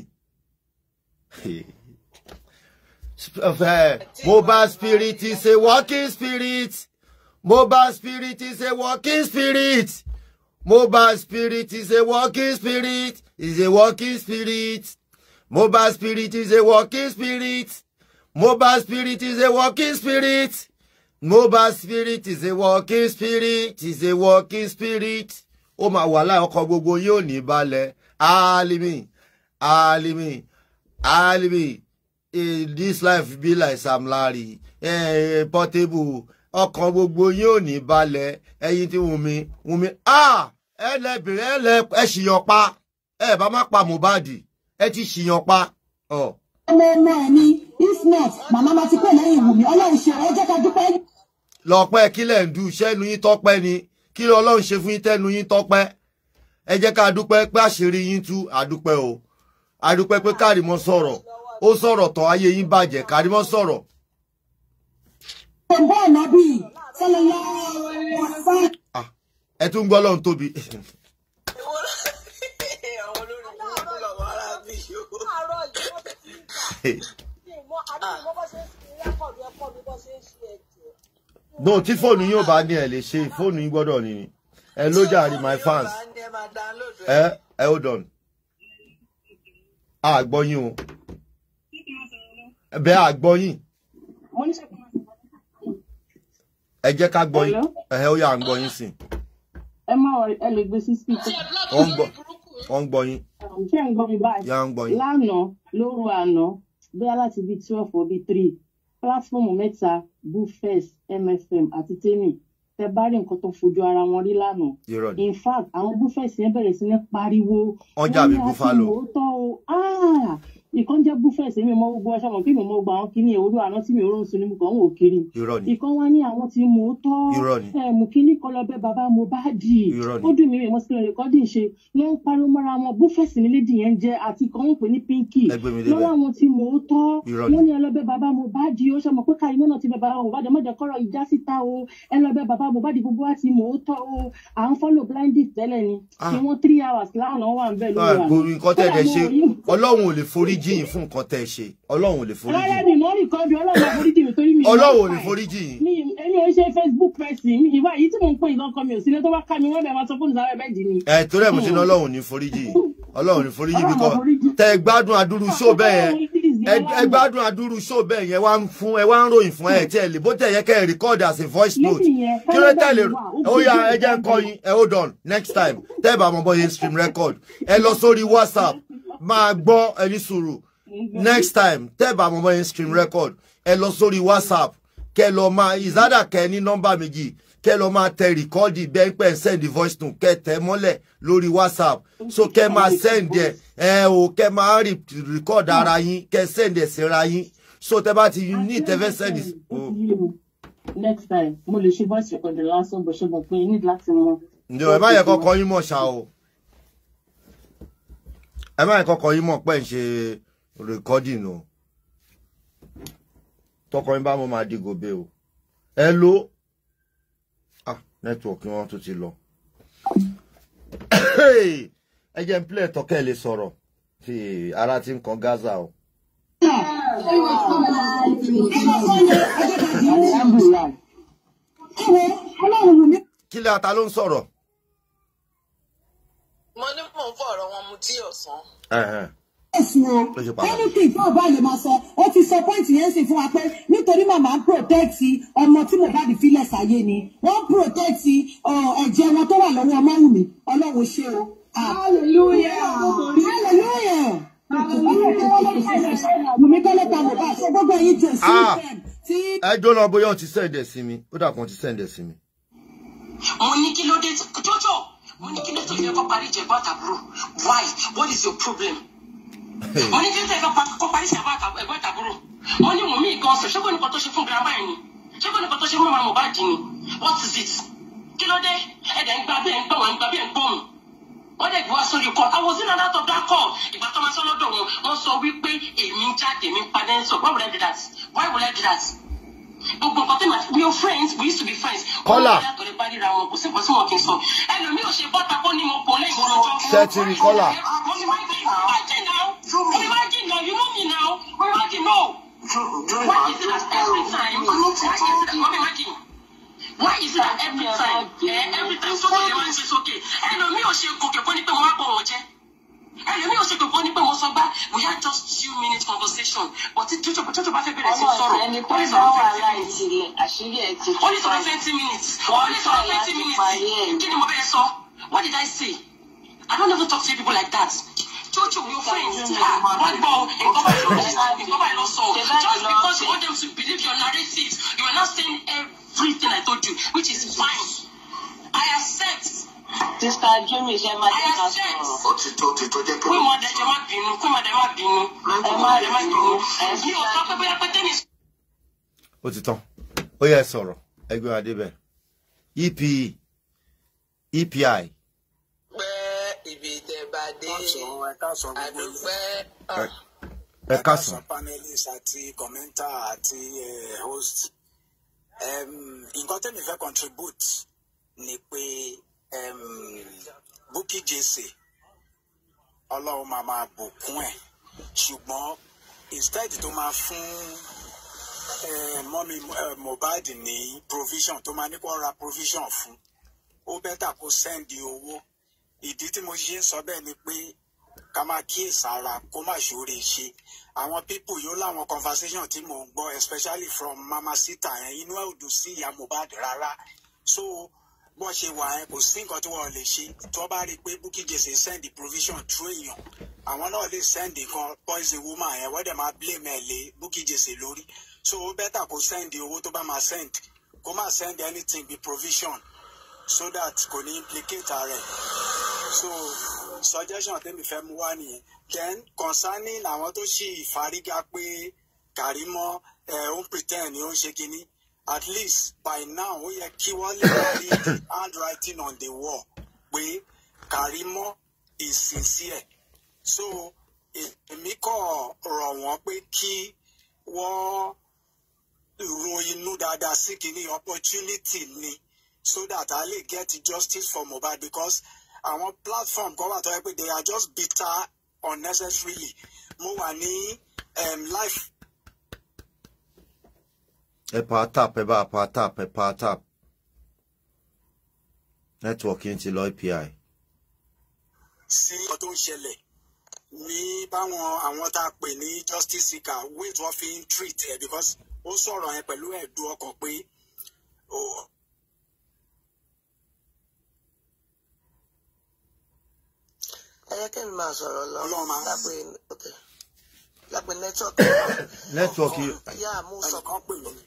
B: *laughs* mobile spirit is a working spirit. Mobile spirit is a working spirit. Mobile spirit is a working spirit. Is a working spirit. Mobile spirit is a working spirit. Mobile spirit is a working spirit. Mobile spirit is a working spirit. Is a working spirit. Oh my, Ó máa wà láì ọkọ̀ gbogbo Ali ní ali Alimi, ali alimi eh, this life be like Sam Larry eh, portable ọkàn gbogbo yín ò ní balẹ̀ ẹ̀yin tí Wùmí Wùmí ah, ẹ lẹ́bìnrin ẹ lẹ ẹ ṣìyàn pa ẹ bá má pa Mohbad ẹ ti ṣìyàn pa. ni ismet màmá ma ti pè lẹ́yìn Wùmí Ọlọ́run ṣe ẹ jẹ́ ká dúpẹ́. lọ́pẹ́ kí lẹ̀ ń du sẹ́nu yín tọ́pẹ́ ni kí ló Ọlọ́run ṣe fún yín tẹ́nu yín tọ́pẹ́ ẹ jẹ́ ká dúpẹ́ pé àṣírí yín tú àdúpẹ́ o àdúpẹ́ pé Kàrímọ́ sọ̀rọ̀ ó sọ̀rọ̀ tán ayé yín bàjẹ́ Karimo sọ̀rọ̀. ẹ tún gbọ́ lọ́n tóbi. no tí fóònù yóò bá ní ẹ lè ṣe fóònù yín gbọ́dọ̀ ní ni ẹ ló jàre my fans ẹ hold on àgbọ̀yìn o bẹ́ a gbọ́ yín. ẹ jẹ́ ká gbọ́ yín ẹ̀hẹ́ ó yà ń gbọ́ yín sí.
A: ẹ má wọ ẹ lè gbé sí spíkà. ó ń
B: gbọ́ ó ń gbọ́ yín.
A: ṣé ń gbọ́ mi báyìí. yà ń gbọ́ yín. lánàá lóru àná bóyá láti bíi twelve or bíi three pílátfọ́ọ̀mù mẹ́ta bufes mfm àti tẹ́mì tẹ bá rí nǹkan tó fojú ara wọn rí lánàá. in fact àwọn bufes yẹn bẹ̀rẹ̀ sí ní pariwo. ọjà àbí bufalo. wọ́n ní àti ah, ìwòótọ́ o ah! ìkan jẹ́ búfẹ̀sì mi mọ gbogbo ọṣọ mọ kí mi mọ gba àwọn kíní olú àná tí mi ò rún sunni kan ò kiri ìkan wá ní àwọn tí mo tọ́ ẹ̀mú kíní kan lọ́bẹ̀ bàbá mo bá dì í ó dùn mí mi mo sì lọ rẹ̀kọ́dì ṣe ló ń pariwo mọ́ra wọn búfẹ̀sì ní lédi yẹn jẹ́ àti kan ń pè ní pínkì lọ́wọ́ àwọn tí mo tọ́ wọ́n ní ẹlọ́bẹ̀ bàbá mo bá dì í ó ṣe mọ̀ pé káyọ̀ náà ti bẹ̀ bàbá mo bá dì í mọ̀jẹ̀ kọ́rọ̀ ìjà síta o ẹlọ́bẹ̀ bàbá mo bá dì í gbogbo àti mo tọ́ o à ń follow blinded tẹ́lẹ̀ ni kí ah. wọ́n three hours láàánú wà ń bẹ̀ lórí wa. Ah,
B: ọlọ́run ò lè forí foríjì fún nǹkan tẹ́ ṣe ọlọ́run ò lè foríjì.
A: rárá mi mo rí kọ́bi ọlọ́run àforíjì mi torí mi. ọlọ́run ò lè foríjì mi èmi ò ṣe facebook person mi ìwà yìí tí mò ń pè ìlọ́kọ mi ò sí ilé tó bá ká mi wọ́n bẹ̀ máa sọ fóònù sára ẹ̀bẹ̀ dì ni. ẹ torí ẹ mo ṣe ní hmm. ọlọ́run
B: ní foríjì ọlọ́run ní foríjì bíkọ́ tẹ ẹ gbádùn adúrú ṣó bẹ́ẹ̀ ẹ gbádùn adúrú ṣó bẹ́ẹ̀ yẹn wá ń fún ẹ wá ń ròyìn fún ẹ tí ẹ lè bó tẹ̀ yẹ kẹ́ ẹ record as a voice note kí ló tẹ̀ ó yá ẹ jẹ́ ń kọ́ ẹ hold on next time tẹ́ ẹ bá mọ bọ́ yẹn stream record ẹ lọ sórí whatsapp máa gbọ́ ẹni sùúrù
C: mm-hmm. next
B: time tẹ́ẹ̀bà mọ́mọ́ yẹn screen mm-hmm. record ẹ lọ sórí whatsapp kẹ lọ máa ìzádà kẹ ní nọ́mbà méjì kẹ lọ máa tẹ rìkọ́dì bẹ́ẹ̀ pẹ́ send voice note kẹ tẹ mọ́lẹ̀ lórí whatsapp so mm-hmm. kẹ máa send ẹ ẹ o kẹ máa rìkọ́dì ara yín kẹ send ẹ síra yín so tẹ bá ti ní ìtẹ́fẹ́ send it. Oh. next time mo lè ṣe voice record lásán bó ṣe mọ̀ pé you need láti mọ. ǹjẹ́ ẹ má yẹ kọ́kọ́ yín mọ̀ ṣá o ẹ má kọ́kọ́ yín mọ̀ pé ń ṣe rẹkọdìn o tọkọ yín bá mo máa di gòbè o ẹ lo ah nẹtíwọkì wọn tún ti lọ ẹ jẹ́ n pílẹ̀ tọ́kẹ́ lè sọ̀rọ̀ fi ara ti ń kan Gaza o. kí lè ata ló ń sọ̀rọ̀
E: mo ní mò ń fọ̀rọ̀ wọn mu tí ọ̀sán.
A: ẹ̀sìn o anything tó o bá máa sọ ó ti sọ point yẹn sì fún wa pé nítorí màmá ń protect ọmọ tí mo bá di fílẹ̀ sáyé ni wọ́n protect ẹ̀jẹ̀ wọn tó wà lọ́wọ́ ọmọwùmí ọlọ́run ṣe o. hallelujah hallelujah. Mùmí kọ́lé ta mọ̀ bá ṣe gbogbo ẹyin jẹ̀ sí ìfẹ́
B: tí. Ẹ jóná bóyá ó ti sẹ́ǹdẹ̀ sí mi, ó dà kan ti sẹ́ǹdẹ̀ sí mi.
A: Mo ní kí ló dé tó tó mo ní kí ló tó yẹ kó why what is your problem mo ní kí ló tó yẹ kó parí ìjẹ̀bú àtàbúrò mo ní wùmí gan sọ ṣẹ́gun nìkan tó ṣe fún girama ẹ̀ ni ṣẹ́gun nìkan tó ṣe fún mama Mohbad what is it kí ló dé ẹ̀dẹ̀ ń gbà bí ẹ̀ ń gbọ́ wọn ń gbà bí ẹ̀ ń gbọ́ mi wọ́n dẹ̀ I was in and out of that call If I told sọ lọ́dọ̀ wọn wọ́n sọ we pay a jáde èmi ń padà ń sọ why would I do that why would I do that gbogbo nǹkan tó máa we are friends we used to be friends. kọ́là ẹlòmíì ò ṣe bọ́ta kó ní mo kò lẹ́yìn mo lọ́jọ́.
B: sẹ́ẹ̀tì rí kọ́là.
A: Why is it that every time, eh, every time sókè lè máa ń ṣe sókè? Ẹlòmíì ò ṣe gòkè kó ní pé mo ẹlòmíì ò ṣe pé wọ́n ní pé mo sọ gbá we had just two minutes conversation but tí tótó tótó bá fẹ́ bẹ̀rẹ̀ sí sọ̀rọ̀ ó lè sọ̀rọ̀ twenty minutes ó lè sọ̀rọ̀ twenty minutes ó lè sọ̀rọ̀ twenty minutes kí ni mo bẹ̀rẹ̀ sọ what did I say I don't ever talk to people like that church of your friends ah one ball in cover your in cover your soul just because you want them to believe your narratives you are not saying everything I told you which is fine
E: I accept
A: sista Jemi ṣe máa ti ká sọ̀rọ̀. ó ti tó ti tó jẹ́ pé. kúmọ̀ dẹ̀ jẹ́ bínú kúmọ̀ dẹ̀ bínú ẹ má dẹ̀ má bínú bí o sọ pé bóyá pé tẹ́lẹ̀.
B: ó ti tán ó yẹ sọ̀rọ̀ ẹgbẹ́ adé epe epi. pẹ́
G: ibi ìdẹ̀bà dé àdúpẹ́. ẹ káàsán. panelist àti commentator àti host nǹkan tẹ́mi fẹ́ contribute ni pé. Bukky Jesse ọlọ́run máa máa bùkún ẹ̀ ṣùgbọ́n instead tó máa fún eh, mọ́mí eh, Mohbad ní provision tó máa ní kó ra provision fún ó bẹ́tà kó sẹ́ndì owó ìdí tí mo ṣe ń sọ bẹ́ẹ̀ ni pé ká máa kíyèsára kó má ṣòro ṣe àwọn pípù yóò láwọn conversation tí mò ń gbọ́ especially from mama sita yẹn inú ẹ̀ ò dùn sí ìyá Mohbad rárá so bó ṣe wà ẹ kò sí nǹkan tí wọn lè ṣe tó bá rí i pé Bukky Jesse send provision through èèyàn àwọn náà lè send nǹkan poison woman ẹ wọ́n dẹ̀ máa blame ẹ̀ lé Bukky Jesse lórí so ó bẹ́tà kó send owó tó bá máa send kó má send anything bí provision so that kò ní implicate rẹ̀ so suggestion tèmi fẹ́ mú wá nìyẹn then concerning àwọn tó ṣì fárígá pé Kàrímọ́ ẹ̀ eh, ń pretend ni ó ń ṣe kínní at least by now ó yẹ kí wọ́n lè rí handwriting on the wall pé Karimo is sincere so èmi kọ̀ rọ̀ wọ́n pé kí wọ́n ro inú dáadáa sí kìíní opportunity ni so that I lè get justice for Mohbad because àwọn platform kan wà tó yẹ pé they are just bitter unnecessarily mo wà ní life
B: ẹ power tap ẹ bá power tap ẹ power tap nẹ́tíwọ̀kì ń ti lọ api.
G: sí ọ̀tọ̀ tó ń ṣẹlẹ̀ ní báwọn àwọn tá a pè ní justice seeker wey tí wọ́n fi ń treat ẹ̀ because ó sọ̀rọ̀ yẹn pẹ̀lú ẹ̀dùn ọkàn pé
F: ẹyẹ kí n máa sọ̀rọ̀ lọ lápè lápè nẹ́tíwọ̀kì. yá mo sọ kan pè mí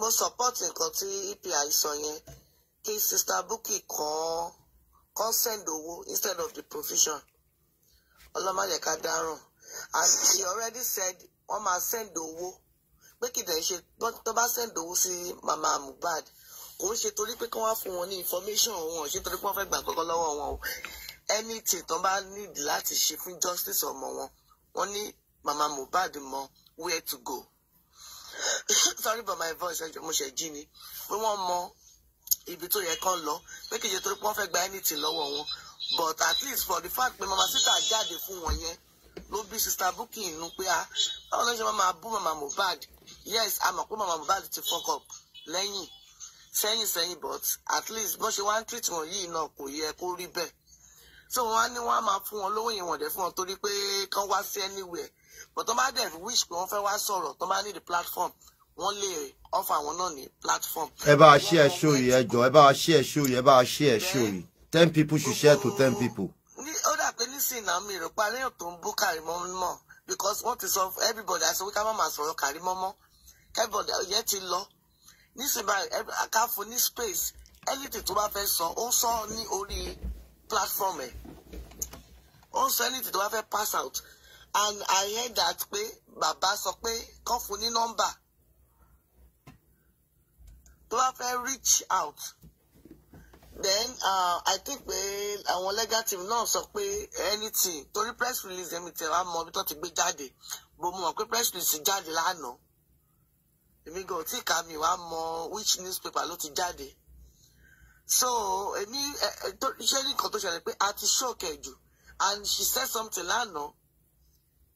F: mo support nǹkan tí epi sọ yẹn kí sister Bukky kọ́ kọ́ send owó instead of the provision ọlọ́mọdéka dáràn and he already said wọ́n máa send owó pé kì í dẹ̀ ṣe tó bá send owó sí mama Mohbad kò ń ṣe torí pé kí wọ́n fún wọn ní information wọn ṣe torí pé wọ́n fẹ́ gbà kọ́kọ́ lọ́wọ́ wọn o anything tó bá need láti ṣe fún justice ọmọ wọn wọ́n ní mama Mohbad mọ where to go *coughs* sorry for my voice ẹjọ mo ṣe jí ni pé wọ́n mọ ibi tó yẹ kán lọ pé kìí ṣe torí pé wọ́n fẹ́ gba anything lọ́wọ́ wọn but at least for the fact pé mama sita jáde fún wọn yẹn ló bí sista Bukky inú pé a ah, báwo ló ṣe máa bú mama Mohbad yes a mọ̀ pé mama Mohbad ti fuck up lẹ́yìn sẹ́yìn sẹ́yìn but at least bó ṣe wá ń treat wọn yìí náà kò yẹ kó rí bẹ́ẹ̀ so wọn á ní wọn á máa fún wọn lówó yẹn wọn dẹ̀ fún wọn torí pé kán wá sí anywhere but tó bá dẹ̀ wish pé wọ́n fẹ́ wá sọ̀rọ̀ tó bá ní the platform wọ́n lè offer àwọn náà ní platform.
B: ẹ bá a share show yìí ẹ jọ ẹ bá a share show yìí ẹ bá a share show yìí ten people should share to ten people.
F: ó dà pé nísìnyí náà mi rò pa aléyàn tó ń bú kàrímọ́ mọ́ because wọ́n ti sọ everybody àti wíkà má máa sọ̀rọ̀ kàrímọ́ mọ́ everybody yẹn ti lọ nísìnyí báyìí ká fún ní space anything tó bá fẹ́ sọ ó sọ ní orí platform ẹ̀ ó ń sọ anything to bá fẹ́ pass out and I hear that pé Baba, sọ pé kán fún ní nọ́mbà tó bá fẹ́ reach out then uh, I think pé àwọn legal team náà sọ pé anything torí press release ẹ̀mí tẹ̀ wá mọ ibi tó ti gbé jáde bó mo mọ̀ pé press release jáde lánàá èmi gan ò tí ì kà mí wá mọ which newspaper ló ti jáde so èmi ṣé ní nǹkan tó ṣẹlẹ̀ pé a ti ṣọ́ọ̀kẹ̀ jù and she said something lánàá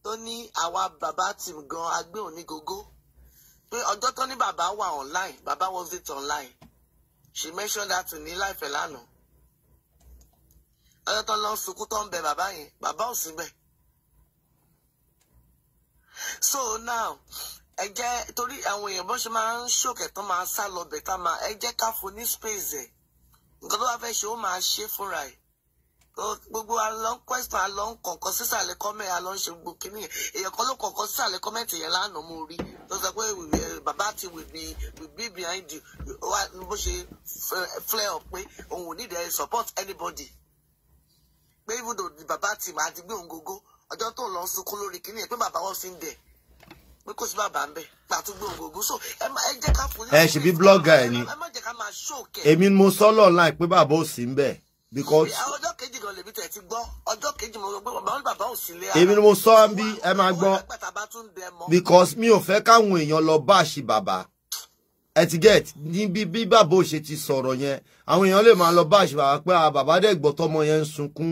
F: tó ní àwa bàbá team gan agbé òní gógó pé ọjọ́ tó ní bàbá wà online bàbá was it online she mentioned that to ní láìpẹ́ lánàá ọjọ́ tó lọ sunkún tó ń bẹ bàbá yẹn bàbá ò síbẹ̀ so now ẹ jẹ́ torí àwọn èèyàn bó ṣe máa ń ṣòkè tó máa sá lọ bẹ̀ tá máa ẹ jẹ́ ká fún space ẹ̀ nǹkan tó bá fẹ́ ṣe ó máa ṣe fúnra ẹ̀ gbogbo alọ ń question alọ ń kọ̀ọ̀kan sísàlẹ̀ comment alọ ń ṣe gbogbo kínní yẹn èèyàn kan ló kọ̀ọ̀kan sísàlẹ̀ comment yẹn lánàá mo rí tó sọ pé eh, bàbá ti will be will be behind you wá bó ṣe flare up pé òun ò ní ìdẹ́ support anybody pé even though bàbá ti máa ti gbé òun gógó ọjọ́ tó lọ sunkún lórí kínní yẹn pé bàbá wọn fi ń dẹ̀ pé kò sí bàbá ń bẹ pàtó gbòǹgbòǹgbò so
B: ẹ má ẹ jẹ́ ká fún. ẹ ṣe bí blogger ẹ ni èmi mo sọlọ online pé bàbá ò sí ń bẹ because. ọjọ́ kejì kan lèmi tẹ̀ ti gbọ́ ọjọ́ kejì mo gbé bàbá bàbá ò sí ilé ara. èmi ni mo sọ ọ́ bí ẹ máa gbọ́ because mi ò fẹ́ káwọn èèyàn lọ bá àṣì bàbá ẹ ti get níbi bí bàbá ò ṣe ti sọ̀rọ̀ yẹn àwọn èèyàn lè máa lọ bá àṣì bàbá pé ah, bàbá dẹ̀ gbọ́ tọmọ yẹn ń sunkún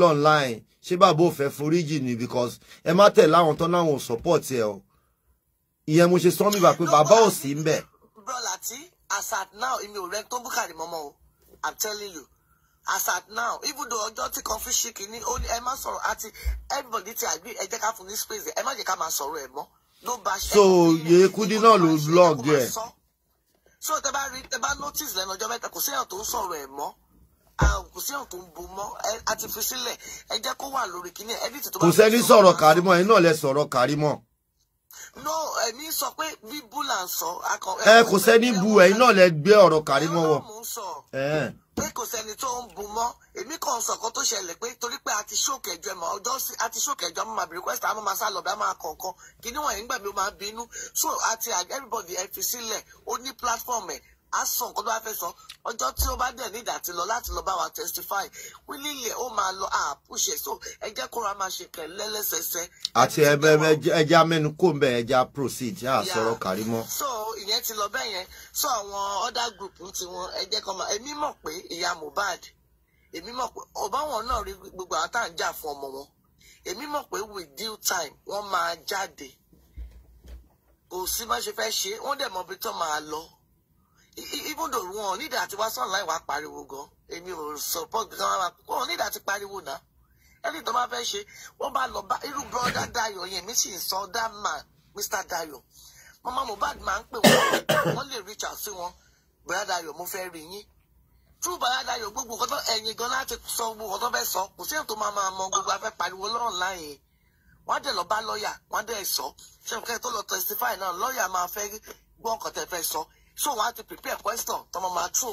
B: lọ́nláìn ṣé bàbá ò fẹ́ foríjì ni because ẹ má tẹ̀ láwọn tán láwọn ò support ẹ o ìyẹn mo ṣe sọ mi pé bàbá ò sí ń bẹ̀.
F: tí as at now èmi ò rẹ tó Bukari mọ́mọ́ o i'm telling you as at now even though ọjọ́ tí kan fi ṣe kínní ó ní ẹ má sọ̀rọ̀ àti everybody ti àgbé ẹ ká fún ní space ẹ má jẹ́ ká máa sọ̀rọ̀ ẹ̀ mọ́ ló bá ṣe. so
B: Yekudi náà ló blog ẹ.
F: so tẹ bá rí tẹ bá notice lẹ́nu ọjọ́ mẹ́ta kò sí èèyàn tó ń sọ̀rọ̀ ẹ̀ mọ́ kò sí èèyàn tó ń bo mọ́ àti fi sílẹ̀ ẹ jẹ́ kó wà lórí kínní ẹ ní tètè. kò
B: sẹ́ni sọ̀rọ̀ Karimo ẹ̀yin náà lẹ sọ̀rọ̀ Karimo
F: no ẹ̀mí sọ pé bíbú là ń sọ.
B: ẹ kò sẹ́ni bu ẹ̀yin náà lẹ gbé ọ̀rọ̀ kárí mọ́ wọ.
F: pé kò sẹ́ni tó ń bu mọ́ èmi kàn sọ kan tó ṣẹlẹ̀ pé torí pé a ti ṣòkè ẹjọ́ ẹ̀mọ́ ọjọ́ sí a ti ṣòkè ẹjọ́ máa bèrè request àwọn máa sá lọ bí a máa kọ̀ọ̀kan kí níwọ̀n ń gbà máa bínú so àti everybody ẹ fi sílẹ̀ ó ní platform ẹ̀ á sọ nǹkan tó bá fẹ́ sọ ọjọ́ tí ó bá dẹ̀ ní ìdàtí lọ láti lọ bá wa testify wílílẹ̀ ó máa lọ àpùṣẹ̀ so ẹ jẹ́ kóra máa ṣe pẹ̀ lẹ́lẹ́sẹsẹ.
B: àti ẹja mẹ́nu kó ń bẹ ẹja proceed á sọ̀rọ̀ kárí mọ́.
F: so ìyẹn ti lọ bẹ́ẹ̀ yẹn so àwọn other group ti wọn ẹ jẹ́ kó máa èmi mọ̀ pé ìyá Mohbad èmi mọ̀ pé ọba wọn náà rí gbogbo àwọn tá jà fún ọmọ wọn èmi mọ̀ pé with due time wọ́n máa jáde kò sí má ṣe fẹ́ ṣe wọ́n dẹ̀ mọ̀ bí tó máa lọ even though wọn ò ní ìdá àti wá sọ online wá pariwo gan èmi ò support bí wọn ò ní ìdá àti pariwo náà ẹni tó bá fẹ́ ṣe wọ́n bá lọ bá irú brọ́dá Dayo yẹn mi sì ń sọ that man Mr Dayo mama Mohbad máa ń pè wọ́n wọ́n lè reach out sí wọn bóyá Dayo mo fẹ́ rí yín true brother Dayo gbogbo nǹkan tó ẹ̀yìn gan láti sọ gbogbo nǹkan tó fẹ́ sọ kò sí ètò máa máa mọ gbogbo afẹ́ pariwo lọ́rùn láàyè wọ́n á dẹ̀ lọ bá lọ́ọ̀yà wọ́n á dẹ̀ sọ ṣé nǹkan tó lọ testify náà lọ́ọ̀yà máa fẹ́ gbọ́ nǹkan tẹ́ fẹ́ sọ so wàá ti prepare question tọmọ máa tró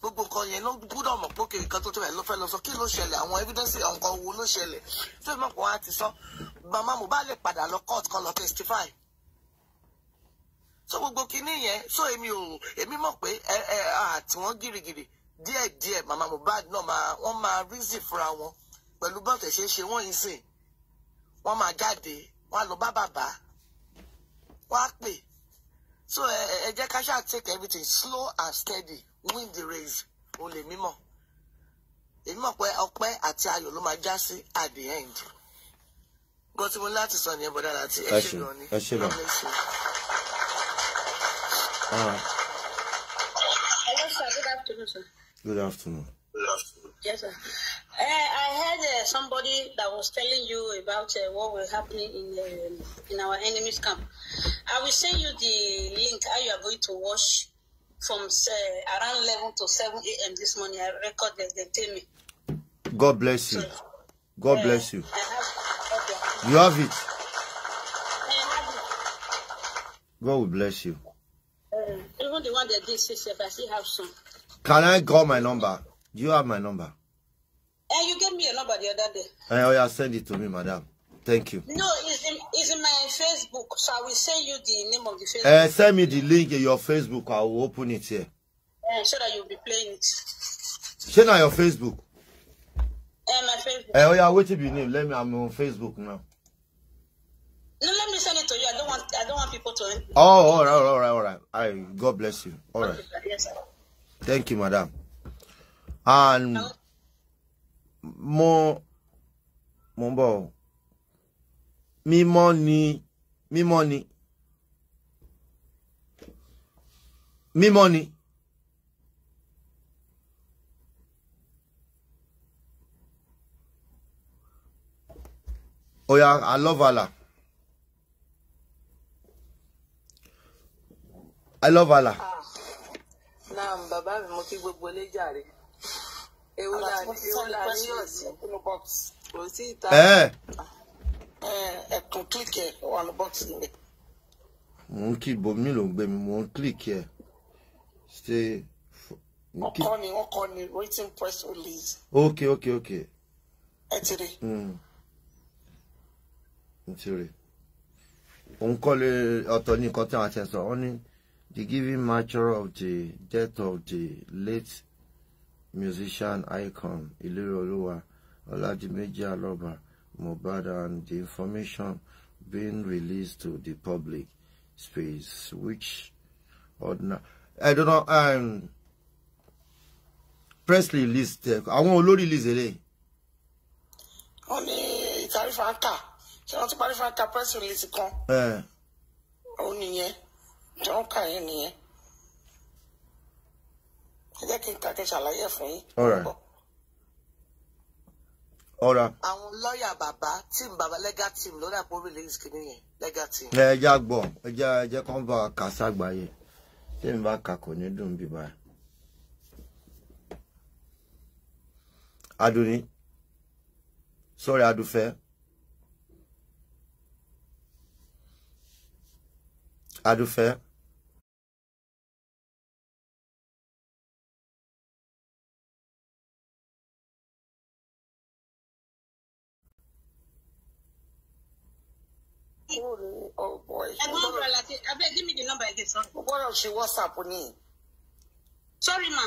F: gbogbo nǹkan yẹn ló gbúdọ̀ mọ̀ pé kékeré kan tó tó bẹ̀ ló fẹ́ lọ sọ kí ló ṣẹlẹ̀ àwọn evidence nǹkan wo ló ṣẹlẹ̀ tó ìmọ̀ pé wọ́n á ti sọ màmá mo bá lè padà lọ court kan lọ testify so gbogbo kinní yẹn so èmi ò èmi mọ̀ pé ẹ ẹ àti wọ́n gírígírí díẹ̀ díẹ̀ màmá Mohbad náà máa wọ́n máa reason fúnra wọn pẹ̀lú bọ́ọ̀tẹ̀ ṣe é ṣe wọ́n yìí sìn wọ́n máa jáde wọ́n á lọ bá bàbá wọ́n á pè so ẹ jẹ́ ká ṣáà take everything slow and steady win the race o lè mímọ̀ èmi mọ̀ pé ọpẹ́ àti ayọ̀ ló máa já sí at the end gbọ́ tí mo ní láti sọ nìyẹn bọ̀dá láti ẹ ṣe lọ ní lọ́mọ Hello sir, good
D: afternoon sir.
B: Good afternoon.
D: Good afternoon. Yes sir. Uh, I heard uh, somebody that was telling you about uh, what was happening in um, in our enemies' camp. I will send you the link how you are going to watch from around 11 to 7 a.m. this morning. I
B: record the timing. God bless you. God bless you. Have, okay. You have it. God will bless you. even
A: the one that did six, I still have some.
B: Can I call my number? Do you have my number?
A: And eh, you gave me your number the other day.
B: Hey, eh, oh yeah, send it to me, madam. Thank you.
D: No, it's in, it's in my Facebook, so I will send you the name of the Facebook. Uh,
B: send me the link in your Facebook. I will open it here.
D: Uh, so that you'll be playing it.
B: Share now your Facebook. Uh,
A: my Facebook. Hey,
B: oh yeah, wait to be named. Let me. I'm on Facebook now.
A: No, let me send it to you. I don't want. I don't want people to. Oh,
B: all right, all right, all right. I right. God bless you. All right. Yes, sir. Thank you, madam. And. Okay. Mo, mọ ń bọ̀ o mímọ́ ni mímọ́ ni mímọ́ ni. Oya, I love Allah. I love Allah. Ah,
F: naam, bàbá mi mo kí gbogbo ilé jàre ewu la ewu la níyàn sí kò sí ìta ẹkùn kílìkì ẹ wà ní bọ́ọ̀sì mi.
B: mo ń kí bomi ló ń gbé mi mo ń kílìkì ẹ ṣe. ọkọ ni
G: wọn ni written press release.
B: ok ok ok. ẹ ti rí. n hmm. ti rí òun kọ́ lé ọ̀tọ̀ ní nǹkan tí àwọn àti sọ wọ́n ní the giving mature of the death of the late musician icon Ileolua Oladimeji Aloba Mohbad and the information being released to the public space which ordinary I don't know um, press release I eh, àwọn olórí release eléyìí.
F: wọ́n ní ìtàrí fanta ṣé wọ́n ti parí press release kan. Eh. ó nìyẹn tí wọ́n kà yẹn nìyẹn ẹ jẹ́ kí n kàkẹ́ ṣàlàyé fún yín. àwọn lọ́ọ̀yà bàbá tíìmù bàbá legal team ló dàpọ̀ release kìíní yẹn legal team. ẹ
B: já gbọ́ ẹ já ẹ jẹ́ kán bá kà ságbáyé tèmi bá kà kò ní dùn bí báyìí. Adùnní
C: sọ̀rọ̀ Adùfẹ́ Adùfẹ́.
F: oh boy. ẹ̀gbọ́n ọ̀rọ̀
D: àlàtí abeg give me the number again sorry.
F: o gbọ́dọ̀ ṣe whatsapp ni. sorry ma.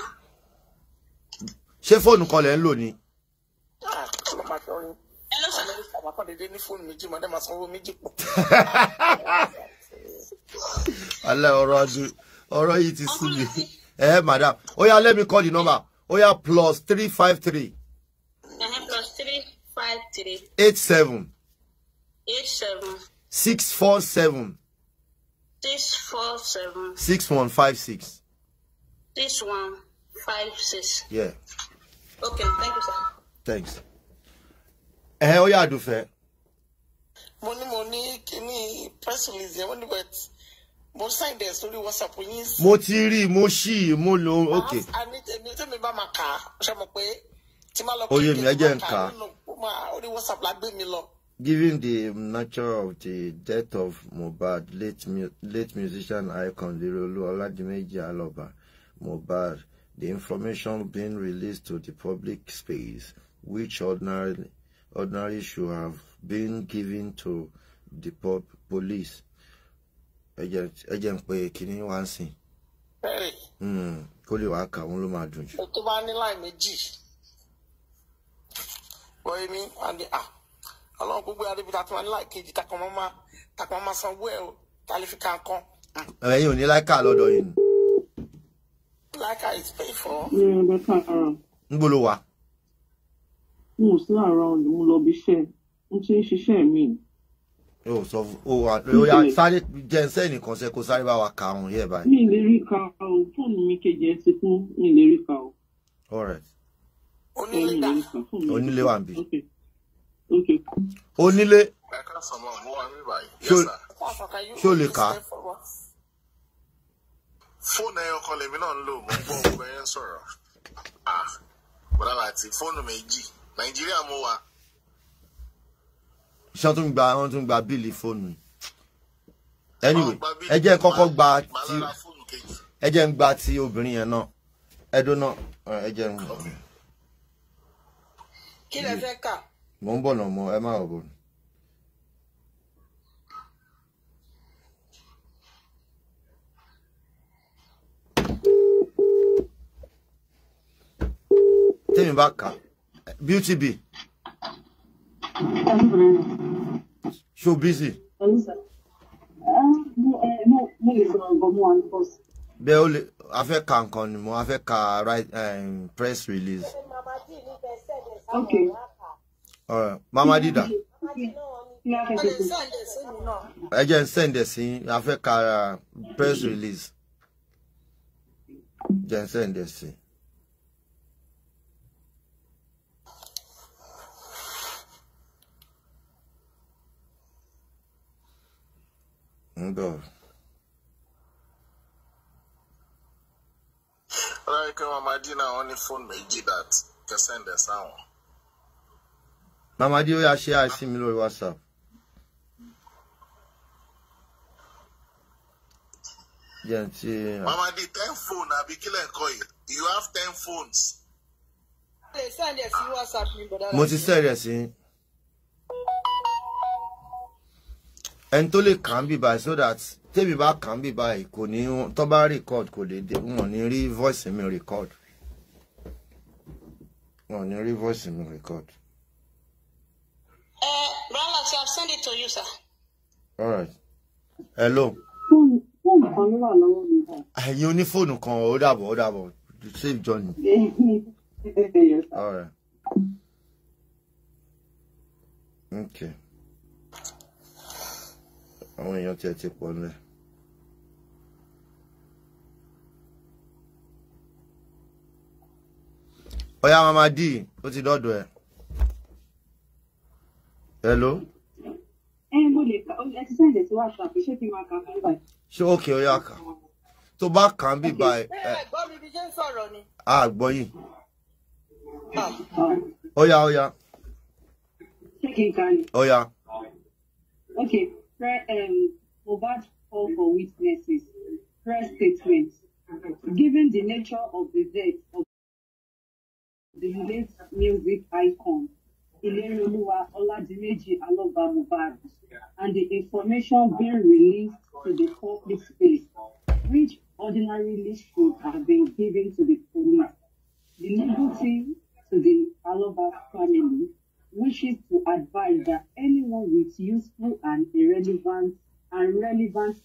B: ṣé fóònù kan lẹ ń lò ni.
D: Ah, ẹ
E: lọ sọ. àwọn akọ́ndéédé ní fóònù méjì mọ́dé máa sanwó méjì pọ̀. *laughs*
B: alẹ́ ọ̀rọ̀ ọdún ọ̀rọ̀ yìí ti sú mi ẹ *laughs* eh, madam ó yá let me call the number ó yá plus three five three.
D: plus three five three.
B: eight seven. eight seven six four seven.
D: six four seven. six
B: one five six.
D: six one five six. yeah. okay thank you sir.
B: thanks. Eh, ó yà àdùfẹ́.
E: mo ní mo ní kíní press release yẹn wọ́n ní but mo sign
B: there sórí whatsapp yín. mo ti rí ah, i mo ṣí i mo lò ó ok. àmì tèmi tèmi bá máa kà á ṣe mọ̀ pé tí má lọ kéde. oyè mi ẹ jẹ́ Given the nature of the death of Mobad, late, mu late musician icon Lirolu Oladimeji Aloba, Mobad, the information being released to the public space, which ordinarily, ordinarily should have been given to the pop police. ẹ jẹ́ ń can kínní answer?
F: ń ọlọ́run gbogbo adébí ta tún wá ní láìkejì takọ̀ mọ́ máa takọ̀ mọ́ máa sanwó ẹ̀ o ta lè fi kàn kan.
B: ẹ̀rẹ̀ yìí ò ní láìka lọ́dọ̀ yìí.
F: láìka is paid for.
C: ní ẹgbẹ́ kan ara. ń gbolo wa. n ò sí àárọ̀ ni mo lọ bí iṣẹ́ n ti ń ṣiṣẹ́ mi.
B: o sọ o wa o ya sáré jẹnsẹ nìkan ṣe kó sáré bá wa kà yẹ báyìí. mi lè
C: rí ka o fóònù mi kejì ẹ ti kún mi lè rí ka o. all right. onílé wa ń bí. okay
B: onílé
E: ṣó lè kà á. fóònù ẹyọ kan lèmi náà ń lò mo ń gbọ́ ọgbẹ́ yẹn sọ̀rọ̀ ah, bọ́dà láti fóònù méjì nàìjíríà mo wà.
B: ṣé wọ́n tún gba wọ́n tún gba bíìlì fóònù anyway ẹ jẹ́ kọ́kọ́ gba ti ẹ jẹ́ ń gba ti obìnrin yẹn náà ẹ dún náà ẹ jẹ́ ń gbà.
F: kí lẹ fẹ́ kà
B: mo ń bọ̀ nà mo ẹ má ọ̀bọ̀. tẹ́mi bá kà beauty bee. ṣó bísí. Ah, eh, bẹ́ẹ̀ o lè a fẹ́ ka nǹkan ni mo a fẹ́ ka eh, press release. okay. Mama Dida. Ẹ jẹ́ ń send ẹ̀ sí a fẹ́ ka uh, press release. Jẹ́ ń send ẹ̀ sí.
E: ń bọ̀. Ọlọ́run kí wọ́n máa dín náà wọ́n ní fóònù méjì dat kẹsẹ̀ ń sáwọn.
B: Mama, dé ó yá ṣe àìsí mi lórí whatsapp. màmá
E: dé ten phone àbí be ẹ̀kọ́ yìí you have ten
A: phones. lè send ẹ̀ sí whatsapp mi bọ̀dá. mo ti
B: send ẹ̀ sí. ẹni tó lè kàn bíbá so that tẹ́bí bá kàn bíbá yìí kò ní tó bá record kò lè dé wọn ní rí voice mi record wọn ní rí voice mi record.
C: Uh, Brother, so I've sent it to you, sir.
B: All right. Hello. Ẹ̀yin onífóònù kan ó dàbọ̀ ó dàbọ̀ save Johnny. *laughs* All right. Okay. Àwọn èèyàn tiẹ̀ ti pọ̀ nílẹ̀. Ọ̀ya Mama D, ó ti dọ́dọ̀ ẹ̀ hello.
C: ẹ mo lè ka ẹ ti sẹ́yìn sí wàhálà ṣé kí n máa
B: òkè ó yà tó bá kà bí báyìí. ẹ gbọ́ yìí. Ah. Ah. ó yá ó
C: okay prayer um, for witnesses prayer statement given the nature of the death of the late music icon. Oladimeji Aloba Mubad and the information being released to the public space, which ordinarily should have been given to the Kuruma. The legal team to the Aloba family wishes to advise that anyone with useful and irrelevant and relevant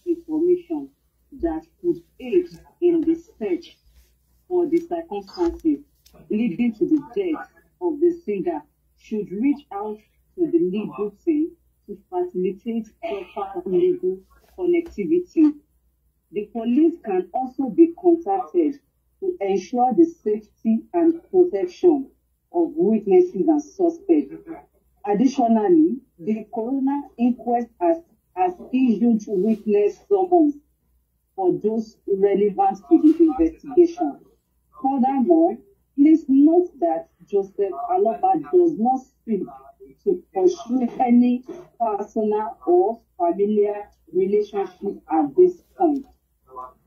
C: relevant to the investigation. Furthermore, please note that Joseph Alaba does not seek to pursue any personal or familiar relationship at this point.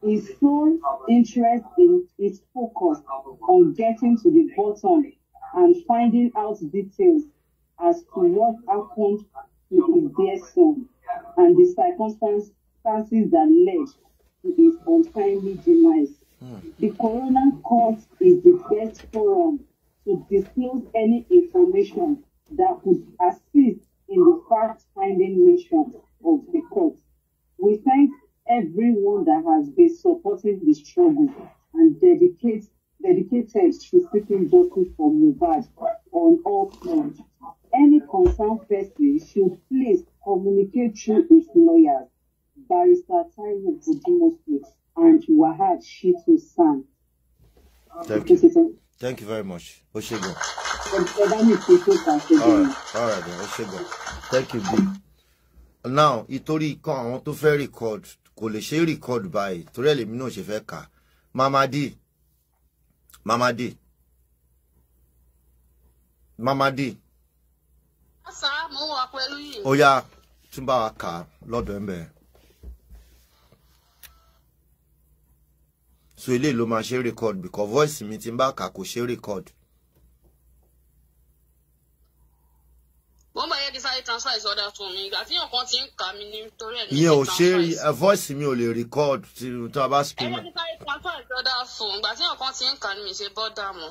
C: His sole interest in, is focused on getting to the bottom and finding out details as to what happened to his dear son and the circumstances that led on untimely demise. Mm. The hmm. coroner court is the best forum to disclose any information that could assist in the fact-finding mission of the court. We thank everyone that has been supporting the struggle and dedicate, dedicated to seeking justice for Mubad on all fronts. Any concerned person should please communicate through its lawyers Barrister Taiwo Budimoke and Wahad Shitu San. Thank you.
B: Thank you very much. Oshego.
C: All
B: right, all right, Oshego. Thank you, B. Now, itori, kan àwọn tó fẹ́ record kò lè ṣe record báyìí torí ẹ̀ lèmi náà ṣe fẹ́ kà. Mama D. Mama D. Mama D. Ó yá, tún bá wa kà lọ́dọ̀ ẹ̀ ń bẹ̀rẹ̀. so eléyìí ló máa ṣe record because voice mi ti ń bá kà kò ṣe record.
D: wọ́n bá yẹ kí sáré transfer ìsọdá fún mi àfihàn kan ti ń kà mí nítorí ẹ̀ ní ìyẹn ò ṣe
B: eh, voice mi ò lè record tí a bá stream. ẹ yẹ kí
D: sáré transfer ìsọdá fún un àfihàn kan ti ń kà mí ṣe bọ́dà
F: mọ́.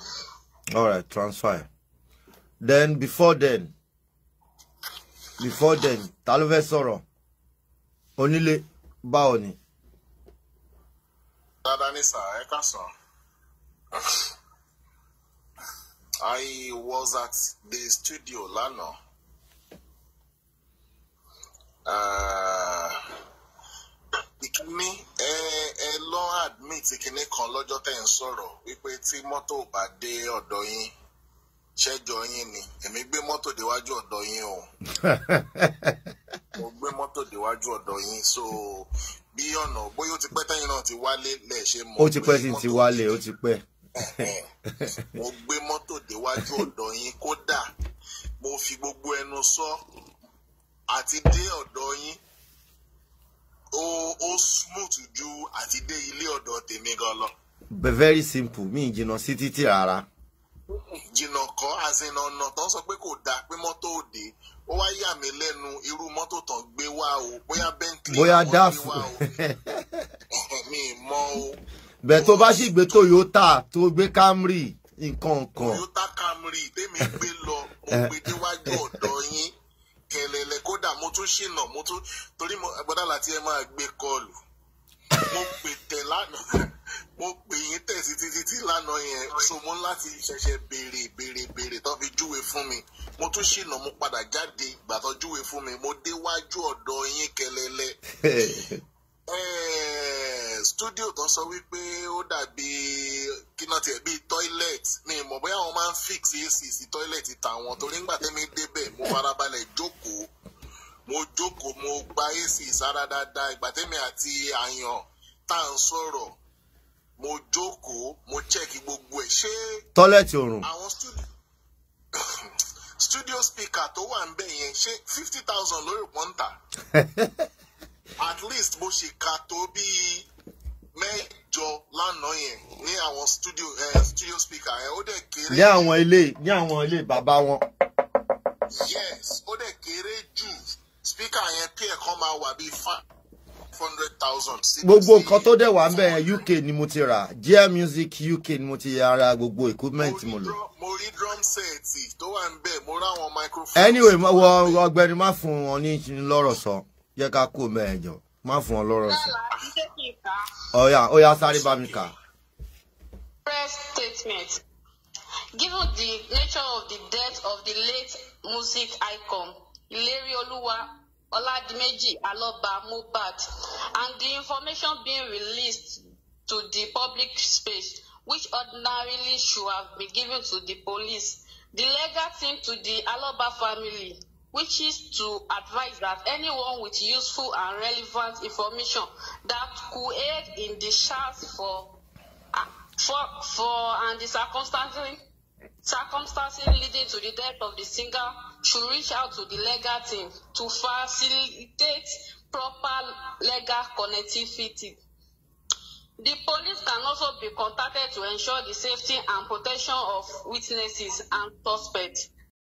B: all right transfer then before then before then ta ló fẹ́ sọ̀rọ̀ onílé báwo ni.
E: Dada Nisa, Ekason. I was at the studio lánàá. Uh, ìkíní ẹ ẹ lọ admit ìkíní kan lọ́jọ́ tẹ̀ ń sọ̀rọ̀ wípé tí mọ́tò bá dé ọ̀dọ̀ yín ṣẹ́jọ yín ni èmi gbé mọ́tò déwájú ọ̀dọ̀ yín o. *laughs* Mo gbé mọ́tò déwájú ọ̀dọ̀ yín so bí ọ̀nà bóyá
B: ó ti pẹ́ tẹ́yìn náà ti wálé lẹ̀ ṣe mọ̀ ó ti pẹ́ tí ti wálé ó ti pẹ́.
E: mo gbé mọ́tò déwájú ọ̀dọ̀ yín kódà mo fi gbogbo ẹnu sọ àti dé ọ̀dọ̀ yín ó ó smooth ju àti dé ilé
B: ọ̀dọ̀ tèmi gan lọ. very simple mi jìnnà sí títì rárá.
E: jìnnà kọ́ àṣìnà ọ̀nà tó ń sọ pé kò dáa pé mọ́tò òde ó wá yà mí lẹ́nu irú mọ́tò tán gbé
B: wá o bóyá bentley bóyá dáàfù *laughs*
E: mi mọ o.
B: bẹ́ẹ̀ tó bá sì gbé toyota tó gbé camry nǹkan kan. toyota camry tèmi gbé lọ mo gbé *laughs* déwájú ọ̀dọ̀ yín kẹlẹ̀lẹ̀ kódà mo tún ṣìnà mo tún torí mo àgbàdàlà tí ẹ máa gbé kọlù mo pè tẹ̀ lánàá *laughs* mo pè yín tẹ̀ sí títí tí lánàá yẹn so láti ṣẹ̀ṣẹ̀ béèrè béèrè béèrè tó fi júwe fún mi mo tún ṣìnà mo padà jáde ìgbà tó júwe fún mi mo déwájú ọ̀dọ̀ yín kẹlẹlẹ *laughs* studio tó sọ wípé ó dàbí
E: kíná tiẹ̀ bíi toilet ni mọ̀ bóyá wọn máa ń fix ac sí toilet tàwọn torí ńgbà tẹ́mi débẹ̀ mo farabalẹ̀ jókòó mo jókòó mo gba ac sára dáadáa ìgbà tẹ́mi àti àyàn tá à ń sọ̀rọ̀ mo jókòó mo check gbogbo ẹ̀ ṣé.
B: tọ́lẹ̀tì òrùn. àwọn *coughs* studio speaker
C: tó wà ń yẹn ṣé fifty thousand lórí pọ́ńtà *laughs* at least mo ṣe ka tó bíi
E: mẹ́jọ lánàá yẹn ní àwọn studio eh, studio speaker yẹn ó dẹ̀
B: kéré. ní àwọn ilé ní àwọn ilé bàbá wọn.
E: yes ó dẹ̀ speaker yẹn pí ẹ̀ kan máa wà five hundred thousand.
B: gbogbo nǹkan tó dẹ̀ wá ń UK ni mo ti rà jia music UK ni mo ti ara gbogbo equipment mo lò. mo rí drum set tó wà ń bẹ̀ mo ráwọn microphone. anyway wọ ọ̀gbẹ́ni má fún wọn ní lọ́rọ̀ sọ yẹ ká kó mẹ́ẹ̀ jọ má fún ọ lọ́rọ̀ sọ. ọ̀yà ọ̀yà sáré bá mi kà.
D: press statement given the nature of the death of the late music icon Ilerioluwa Oladimeji Aloba Mubat, and the information being released to the public space, which ordinarily should have been given to the police, the legal team to the Aloba family, which is to advise that anyone with useful and relevant information that could aid in the search for, for, for and the circumstances, circumstances leading to the death of the singer To reach out to the legal team to facilitate proper legal connectivity. The police can also be contacted to ensure the safety and protection of witnesses and suspects.